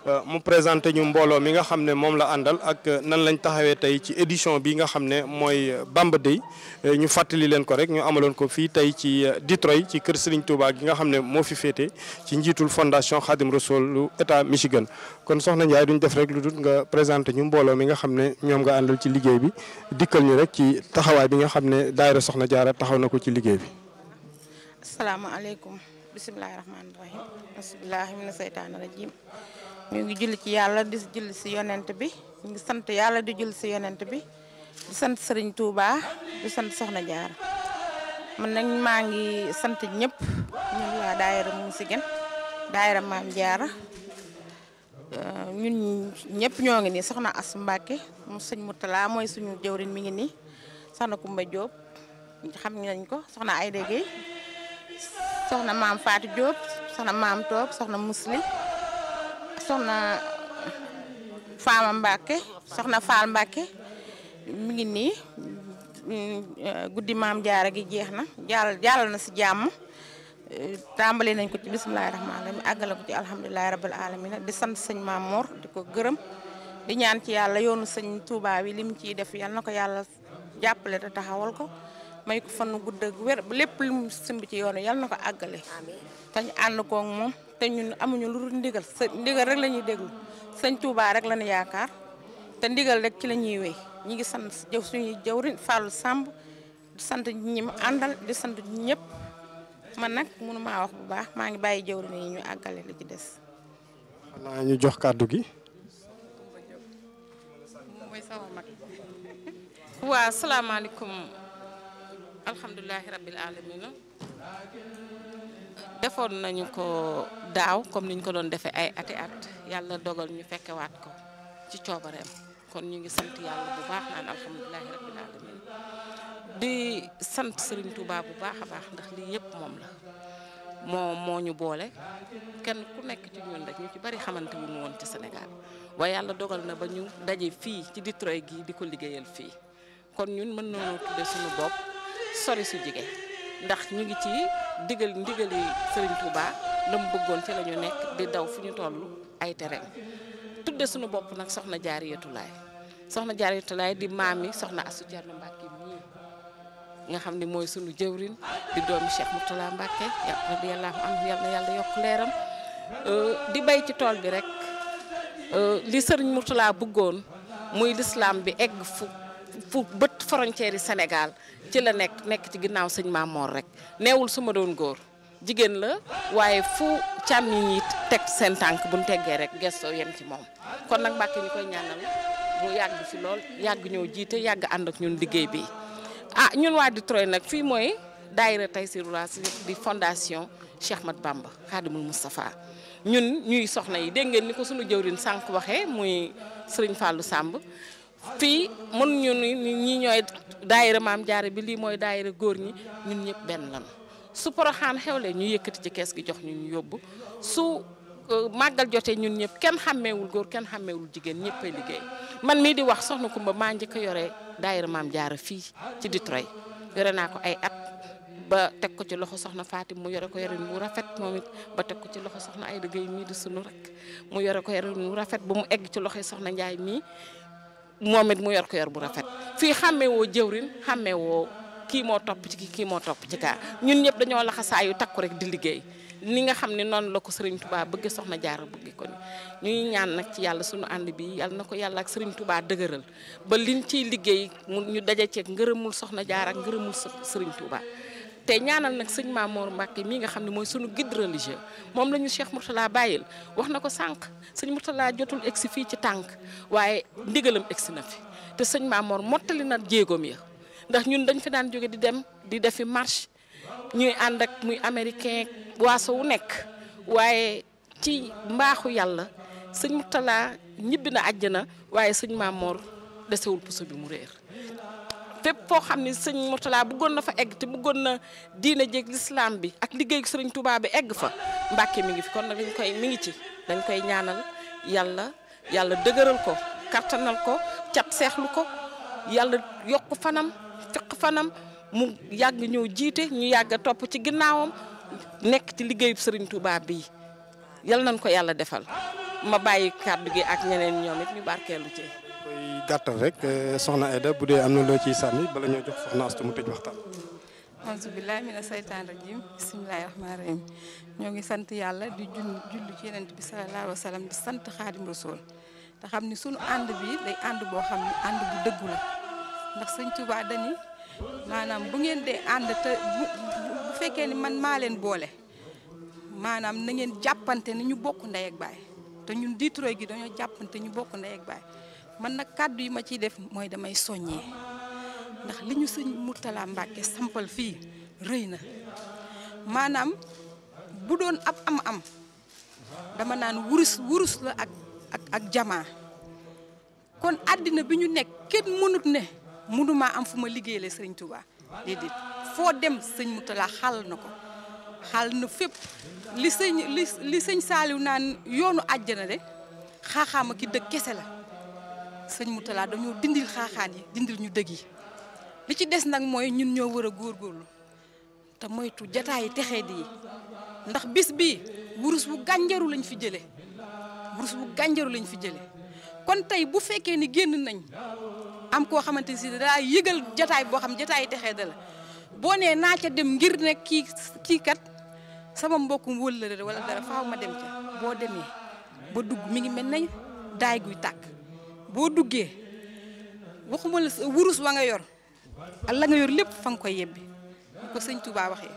S7: Euh, mu présenté ñu mbooloo mi nga xam ne moom la àndal ak euh, nan lañ taxawee tey ci édition bi nga xam ne mooy euh, Bamba Day ñu fàttali leen ko rek ñu amaloon ko fii tey ci Detroit ci kër Serigne Touba bi nga xam ne moo fi féete ci njiitul fondation Khadim Rassoul lu état Michigan. kon soxna Ndiaye duñ def rek lu dul nga présenté ñu mbooloo mi nga xam ne ñoom nga àndal ci liggéey bi dikkal ñu rek ci taxawaay bi nga xam ne daayira soxna jaara taxaw na ko ci liggéey bi.
S8: bisimilahi rahmaani rahim asbilahi mina seytaani rajim ñu ngi julli ci yàlla di julli si yonent bi ñu ngi sant yàlla di julli si yonent bi di sant sëriñ Touba di sant Soxna jaar man nag maa ngi sant ñëpp mu ngi si gën daayira maam Jaara ñun ñoo ngi nii soxna As Mbàkke mu sëñ Murtala mooy suñu jëwrin mi ngi nii soxna Kumba Jóob xam nañ ko soxna Ayda Gueye soxna maam Fatou Diop soxna maam Toob soxna Musli soxna Faama Mbacke soxna Fall Mbacke mi ngi nii mm, guddi maam jaara gi jeex na jàll jàll na si jàmm tàmbali nañ ko ci bisimilahi rahmaani rahim àggale ko ci alhamdulilahi rabil alamina di sant sëñ maam moor di ko gërëm di ñaan ci yàlla yoonu sëñ Touba yi lim ciy def yal na ko yàlla jàppale te taxawal ko. may ko fan gudd ak wér lépp lu mu simb ci yoon yal na ko àggale te ñu ànd koog moom te ñun amuñu lu dul ndigal ndigal rek la ñuy déglu sëñ Touba rek la yaakaar te ndigal rek ci la ñuy wéy ñi ngi sant jëw suñu jëwriñ Fallou sàmb sant ñi mu àndal di sant ñëpp man nag mënu maa wax bu baax maa ngi bàyyi jëwriñ yi ñu àggale li ci des.
S7: xanaa jox kàddu gi.
S9: waaw salaamaaleykum. alhamdulilahi rabbil alamina defoon nañu ko daaw comme niñ ko doon defee ay ati at yàlla dogal ñu fekkewaat ko ci coobareem kon ñu ngi sant yàlla bu baax naan alhamdulilahi rabbil alamin di sant Serigne Touba bu baax a baax ndax lii yëpp moom la moo moo ñu boole kenn ku nekk ci ñun rek ñu ci bari xamante wu ñu woon ci Sénégal waaye yàlla dogal na ba ñu daje fii ci Detroit gii di ko liggéeyal fii kon ñun mën nañoo tudde suñu bopp sori su jige ndax ñu ngi ci digal ndigali Serigne Touba la mu bëggoon ci lañu nekk di daw fu ñu toll ay terrain tudde suñu bopp nag soxna Jaariyatu Laay soxna jaar Laay di maami soxna Astu Cerno Mbàkke xam ne mooy sunu jëwrin di doomi Cheikh Mourtala Mbàkke radiyallaahu anhu yàlla yokk leeram euh, di bay ci tool bi rek euh, li Serigne Mourtala bëggoon muy lislaam bi egg fu fu bët frontière yi Sénégal ci la nekk nekk ci ginnaaw sëñ Mamor rek neewul suma doon góor jigéen la waaye fu càmm yi teg seen tànk bu ñu teggee rek gestoo yem ci moom kon nag Mbàkke ñu koy ñaanal mu yàgg fi lool yàgg ñëw jiite yàgg ànd ak ñun liggéey bi ah ñun waa Detroit nag fii mooy daayira Taysiroul Rassir di fondation Cheikh Ahmad Bamba Khadimul Moustapha ñun ñuy soxna yi dégg ngeen ni ko suñu jëwrin sànq waxee muy Sëriñ Fallou sàmb fii mun ñu ni ñii ñooy daayira maam jaare bi lii mooy daayira góor ñi ñun ñëpp benn lan su poroxaan xewlee ñu yëkkati ci kees gi jox ñu ñu yóbbu su euh, màggal jotee ñun ñëpp kenn xàmmewul góor kenn xàmmewul jigéen ñëpp liggéey man mii di wax soxna Kumba maa njëkk a yore daayira maam jaara fii ci Detroit yore naa ko ay at ba teg ko ci loxo soxna Fatim mu yore ko yore mu rafet moom ba teg ko ci loxo soxna Ayda Gueye mii di rek mu yore ko yore rafet ba mu egg ci loxo soxna Njaay mii moom it mu yor ko yor bu rafet fii xàmmee woo jëwrin xàmmee woo kii moo topp ci kii moo topp ci kaa ñun ñëpp dañoo laxasaayu takku rek di liggéey ni nga xam ne noonu la ko Serigne Touba bëgg soxna Jaara bëgg ko ni ñuy ñaan nag ci yàlla suñu ànd bi yàlla na ko yàlla ak Serigne Touba dëgërël ba liñ ciy liggéey mu ñu daje ceeg ngërëmul soxna jaar ak ngërëmul Serigne Touba. tey ñaanal nag sëñ Mamour Mbacke mii nga xam ne mooy sunu guide religieux moom la ñu Cheikh Mourtala bàyyil wax na ko sànq sëñ Mourtala jotul egsi fii ci tànk waaye ndigalam egsi na fi te sëñ maamoor mottali na jéegoom ya ndax ñun dañ fi daan jóge di dem di defi marche ñuy ànd ak muy américain waaso wu nekk waaye ci mbaaxu yàlla sëñ Mourtala ñibbi na àjjana waaye sëñ Mamour desewul puso bi mu réer fépp foo xam ne sëñ Mourtala bëggoon na fa egg te bëggoon na diine jéeg lislaam bi ak liggéey sëriñ tubaab bi egg fa Mbàkke mi ngi fi nag koy mi ngi ci dañ koy ñaanal yàlla yàlla dëgëral ko kattanal ko cat seexlu ko yàlla yokk fanam fekk fanam mu yàgg ñëw jiite ñu yàgg a topp ci ginnaawam nekk ci liggéeyub sëriñ tubaab bi yal nañ ko yàlla defal ma bàyyi kàddu gi ak ñeneen ñoom it ñu barkeelu ci
S7: gàttal rek euh, soxna Aida bu dee am na loo ciy sànni bala ñoo jox soxna Astu mu tëj waxtaan.
S10: auzu billaahi mina saytaan rajim bismillaahi rahmaani ñoo ngi sant yàlla di julli ci yeneen bi sallallaahu alayhi di sant xaadim rasul te xam ni sunu ànd bi day ànd boo xam ni ànd bu dëggu ndax sëñ ci dani maanaam bu ngeen dee ànd te bu bu fekkee ni man maa leen boole maanaam na ngeen jàppante ni ñu bokk ndey baay te ñun Detroit gi dañoo jàppante ñu bokk ndey ak baay. man nag kàddu yi ma ciy def mooy damay soññee ndax li ñu sëñ Mourtala Mbacke sampal fii rëy na maanaam bu doon ab am-am dama naan wurus wurus la ak ak ak jamaa kon àddina bi ñu nekk kenn mënut ne mënumaa am fu ma liggéeyale sëriñ Touba déedéet foo dem sëñ Mourtala xàll na ko xàll na fépp li sëñ li sëñ Saaliw naan yoonu àjjana de xaaxaama ki dëkk kese la. sëñ Moutala dañoo dindil xaaxaan yi dindil ñu dëgg yi li ci des nag mooy ñun ñoo war a góor góorlu te moytu yi texee di yi ndax bis bi wurus bu gànjaru lañ fi jële wurus bu gànjaru lañ fi jële kon tey bu fekkee ni génn nañ am koo xamante si daa yëgal jataay boo xam jataayi texee da la boo nee naa dem ngir ne kii kii kat sama mbokkum wëllëre wala dara ma dem ca boo demee ba dugg mi ngi mel nañ daay guy tàkk boo duggee waxuma la wurus wa nga yor ak la nga yor lépp fa nga koy yebbi bu ko sëñ Touba waxee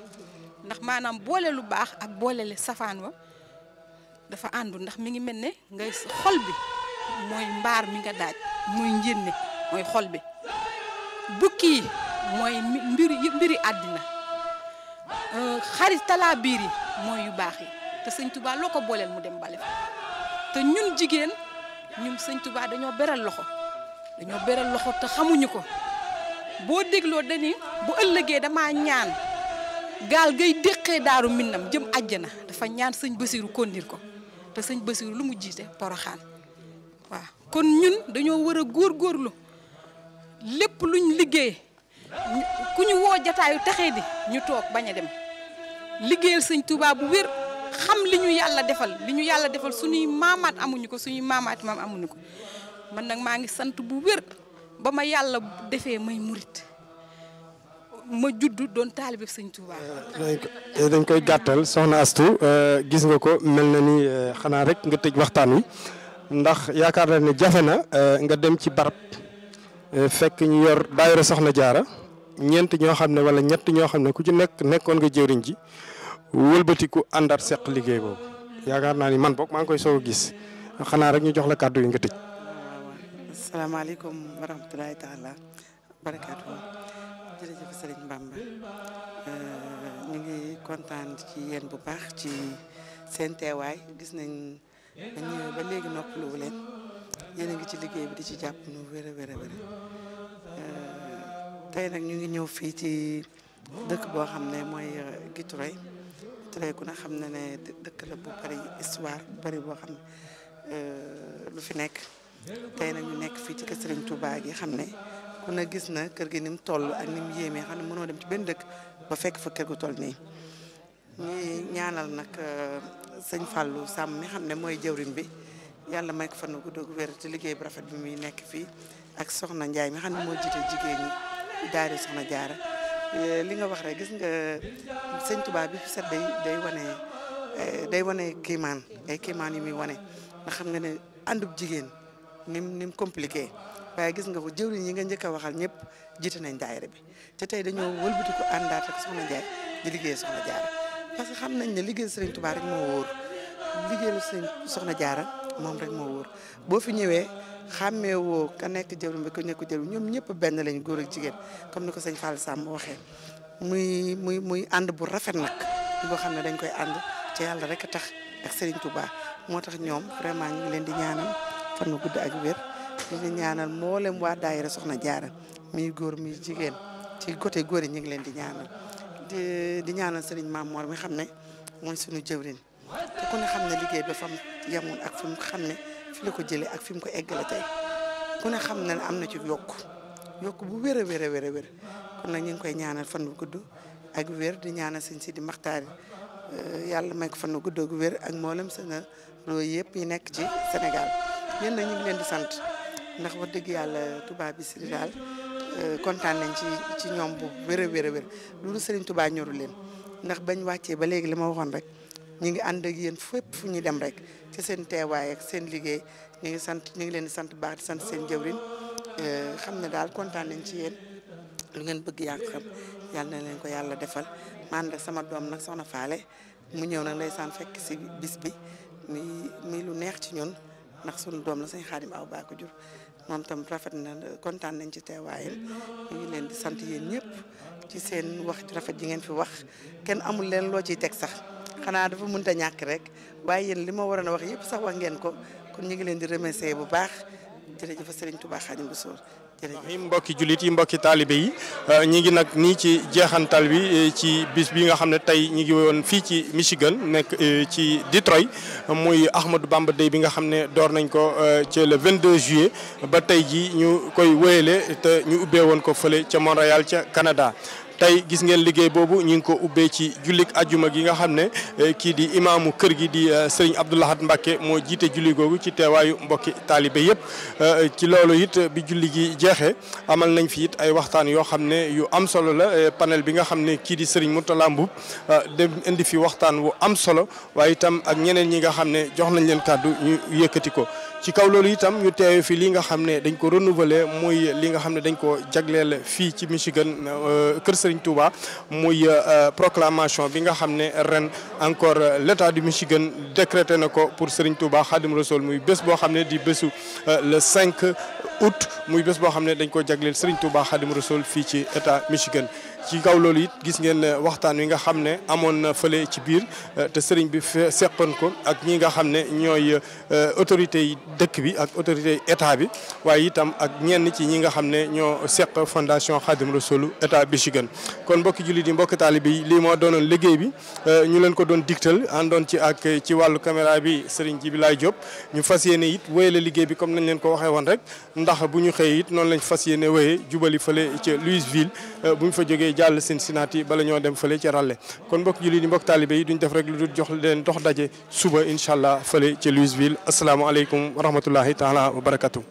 S10: ndax maanaam boole lu baax ak boole le safaan wa dafa àndu ndax mi ngi mel ne ngay xol bi mooy mbaar mi nga daaj mooy njénne mooy xol bi bukki yi mooy mbiri mbiri àddina euh, xarit talaa yi mooy yu baax yi te sëñ Touba loo ko booleel mu dem bale fa te ñun jigéen ñun sëñ Touba dañoo beral loxo dañoo beral loxo te xamuñu ko boo dégloo dañi bu ëllëgee dama ñaan gaal ngay déqee daaru minnam jëm àjjana dafa ñaan sëñ Basiru kondir ko te sëñ Basiru lu mu jiite poroxaan waaw kon ñun dañoo war a góor góorlu lépp luñ liggéey ku ñu woo jataayu taxee di ñu toog bañ a dem liggéeyal sëñ Touba bu wér xam li ñu yàlla defal li ñu yàlla defal suñuy maamaat amuñu ko suñuy maamaat maam amuñu ko man nag maa ngi sant bu wér ba ma yàlla defee may murit ma juddu doon taalibe sëñ Touba.
S7: dañ koy gàttal soxna Astou euh, gis nga ko mel na ni euh, xanaa rek nga tëj waxtaan wi ndax yaakaar naa ne jafe na euh, nga dem ci barab fekk ñu yor daayira soxna jaara ñeent ñoo xam ne wala ñett ñoo xam ne ku ci nekk nekkoon nga jëwriñ ji. wëlbatiku àndaat seq liggéey boobu yaakaar naa ni man boog maa ngi koy soog a gis xanaa rek ñu jox la kàddu yi nga tëj.
S11: asalaamaaleykum wa rahmatulahi taala barakaatu jërëjëf Sëriñ Bamba ngi kontaan ci yéen bu ci seen teewaay gis nañ ba ñëwee ba léegi noppaluwu leen yéen a ngi ci liggéey bi di ci jàpp nu wér a wér a wér nag ñu ngi ñëw fii ci dëkk boo xam ne mooy Guitouré Touré ku ne xam na ne dëkk la bu bari histoire bari boo xam ne euh, lu fi nekk tey nag ñu nekk fii ci kër Serigne Touba gi xam ne ku ne gis na kër gi ni mu toll ak ni mu xam ne mënoo dem ci benn dëkk ba fekk fa kër gu toll nii ñuy ñaanal nag euh, sëñ Fallou sàmm mi xam ne mooy jëwriñ bi yàlla may ko fan gu doog wér ci liggéey bu rafet bi muy nekk fii ak soxna Ndiaye mi xam ne moo jiite jigéen ñi daari soxna jaara Euh, li nga wax rek gis nga euh, sëñ tubaab bi fi set day wane day wane euh, kiimaan ay kiimaan yi muy wane nga xam nga ne àndub jigéen ni mu compliqué waaye gis nga ko jëwriñ yi nga njëkk a waxal ñëpp jiite nañ daayira bi te tey dañoo wëlbati ko àndaat ak soxna Ndiaye di liggéey soxna jaara parce xam nañ ne liggéey sëriñ Touba rek moo wóor liggéeyu sëriñ soxna jaara moom rek moo wóor boo fi ñëwee xàmmee woo ka nekk jëwriñ bi ka nekk jëwriñ ñoom ñëpp benn lañ góor ak jigéen comme ni ko sëñ Fall Samb waxee muy muy muy ànd bu rafet nag boo xam ne dañ koy ànd ci yàlla rek a tax ak Serigne Touba moo tax ñoom vraiment ñu ngi leen di ñaanal fan gudd ak wér di leen ñaanal mboolem waa soxna jaara muy góor muy jigéen ci côté góor yi ñu ngi leen di ñaanal di di ñaanal Serigne Mamour mi xam ne mooy suñu jëwriñ te ku ne xam ne liggéey ba fam yemoon ak fi xam ne fi la ko jëlee ak fi mu ko eggale tey ku ne xam na am na ci yokk yokk bu wér a wér a kon nag ñu ngi koy ñaanal fan bu gudd ak wér di ñaanal sëñ si di maxtaari euh, yàlla may ko fan bu gudd ak wér ak mboolem seen roo yëpp yi nekk ci Sénégal yéen nag ñu leen di sant ndax wax dëgg yàlla Touba Bichri daal euh, kontaan nañ ci ci ñoom bu wér a wér a wér ñoru leen ndax bañ wàccee ba léegi li ma waxoon rek. ñu ngi ànd ak yéen fépp fu ñu dem rek ci seen teewaay ak seen liggéey ñu ngi sant ñu ngi leen di sant baax di sant seen jëwrin euh, xam ne daal kontaan nañ ci yéen lu ngeen bëgg yaa xam yàlla na leen ko yàlla defal ma ànd ak sama doom nag soxna faale mu ñëw nag ndeysaan fekk si bis bi muy muy lu neex ci ñun ndax suñu doom na sañ xaadim aw baa ko jur moom tam rafet na kontaan nañ ci teewaayam ñu ngi leen sant yéen ñëpp ci seen wax rafet ji ngeen fi wax kenn amul leen loo ciy teg sax xanaa dafa mënut a ñàkk rek waaye yéen li ma waroon a wax yëpp sax wax ngeen ko kon ñu ngi leen di remercier bu baax jërëjëf Sëriñ Tuubaa Xaadimu Rasuul yi mbokki
S7: jullit yi mbokki taalibe yi euh, ñi ngi nag nii ci jeexantal bi euh, ci bis bi nga xam ne tey ñi ngi woon fii ci Michigan nekk euh, ci Detroit muy Ahmadou Bamba Day bi nga xam ne door nañ ko ci le 22 juillet ba tey ji ñu koy wéyale te ñu ubbee woon ko fële ca Montréal ca Canada tey gis ngeen liggéey boobu ñu ngi ko ubbee ci jullik ajuma gi nga xam ne eh, kii di imaamu kër gi di eh, sëriñ Abdou Lahad Mbacké moo jiite julli googu ci teewaayu mbokki taalibe yëpp eh, ci loolu it bi julli gi jeexee amal nañ fi it ay waxtaan yoo xam ne yu am solo la panel bi nga xam ne kii di sëriñ Mourtala Mboup dem indi fi waxtaan wu am solo waaye itam ak ñeneen ñi nga xam ne jox nañ leen kàddu ñu yëkkati ko ci kaw loolu itam ñu teewe fi li nga xam ne dañ ko renouveler muy li nga xam ne dañ ko jagleel fii ci Michigan euh, Kër Serigne Touba muy euh, proclamation bi nga xam ne ren encore euh, l'état du Michigan décrété na ko pour Serigne Touba Khadim Rasoul muy bés boo xam ne di bésu le 5 août muy bés boo xam ne dañ ko jagleel Serigne Touba Khadim Rasoul fii ci état Michigan. ci kaw loolu it gis ngeen euh, waxtaan wi nga xam ne amoon na fële ci biir euh, te sëriñ bi seqoon ko ak ñi nga xam ne ñooy euh, autorités yi dëkk bi ak autorités état bi waaye itam ak ñenn ci ñi nga xam ne ñoo seq fondation Khadim Rassoul état bi Michigan kon mbokki jullit yi mbokki taalibe yi lii moo doonoon liggéey bi ñu leen ko doon digtal àndoon ci ak ci wàllu caméra bi sëriñ ji bi laay Diop ñu fas yéene it wéyale liggéey bi comme nañ leen ko waxee woon rek ndax bu ñu it noonu lañ fas yéene wéyee jubali fële ca Louisville bu ñu fa jógee jàll Cincinnati bala ñoo dem fële ci Raleigh kon mbokk jullit yi mbokk taalibe du duñ def rek lu dul jox leen dox daje suba incha allah fële ci Louisville asalaamaaleykum wa rahmatullahi taala wa barakatu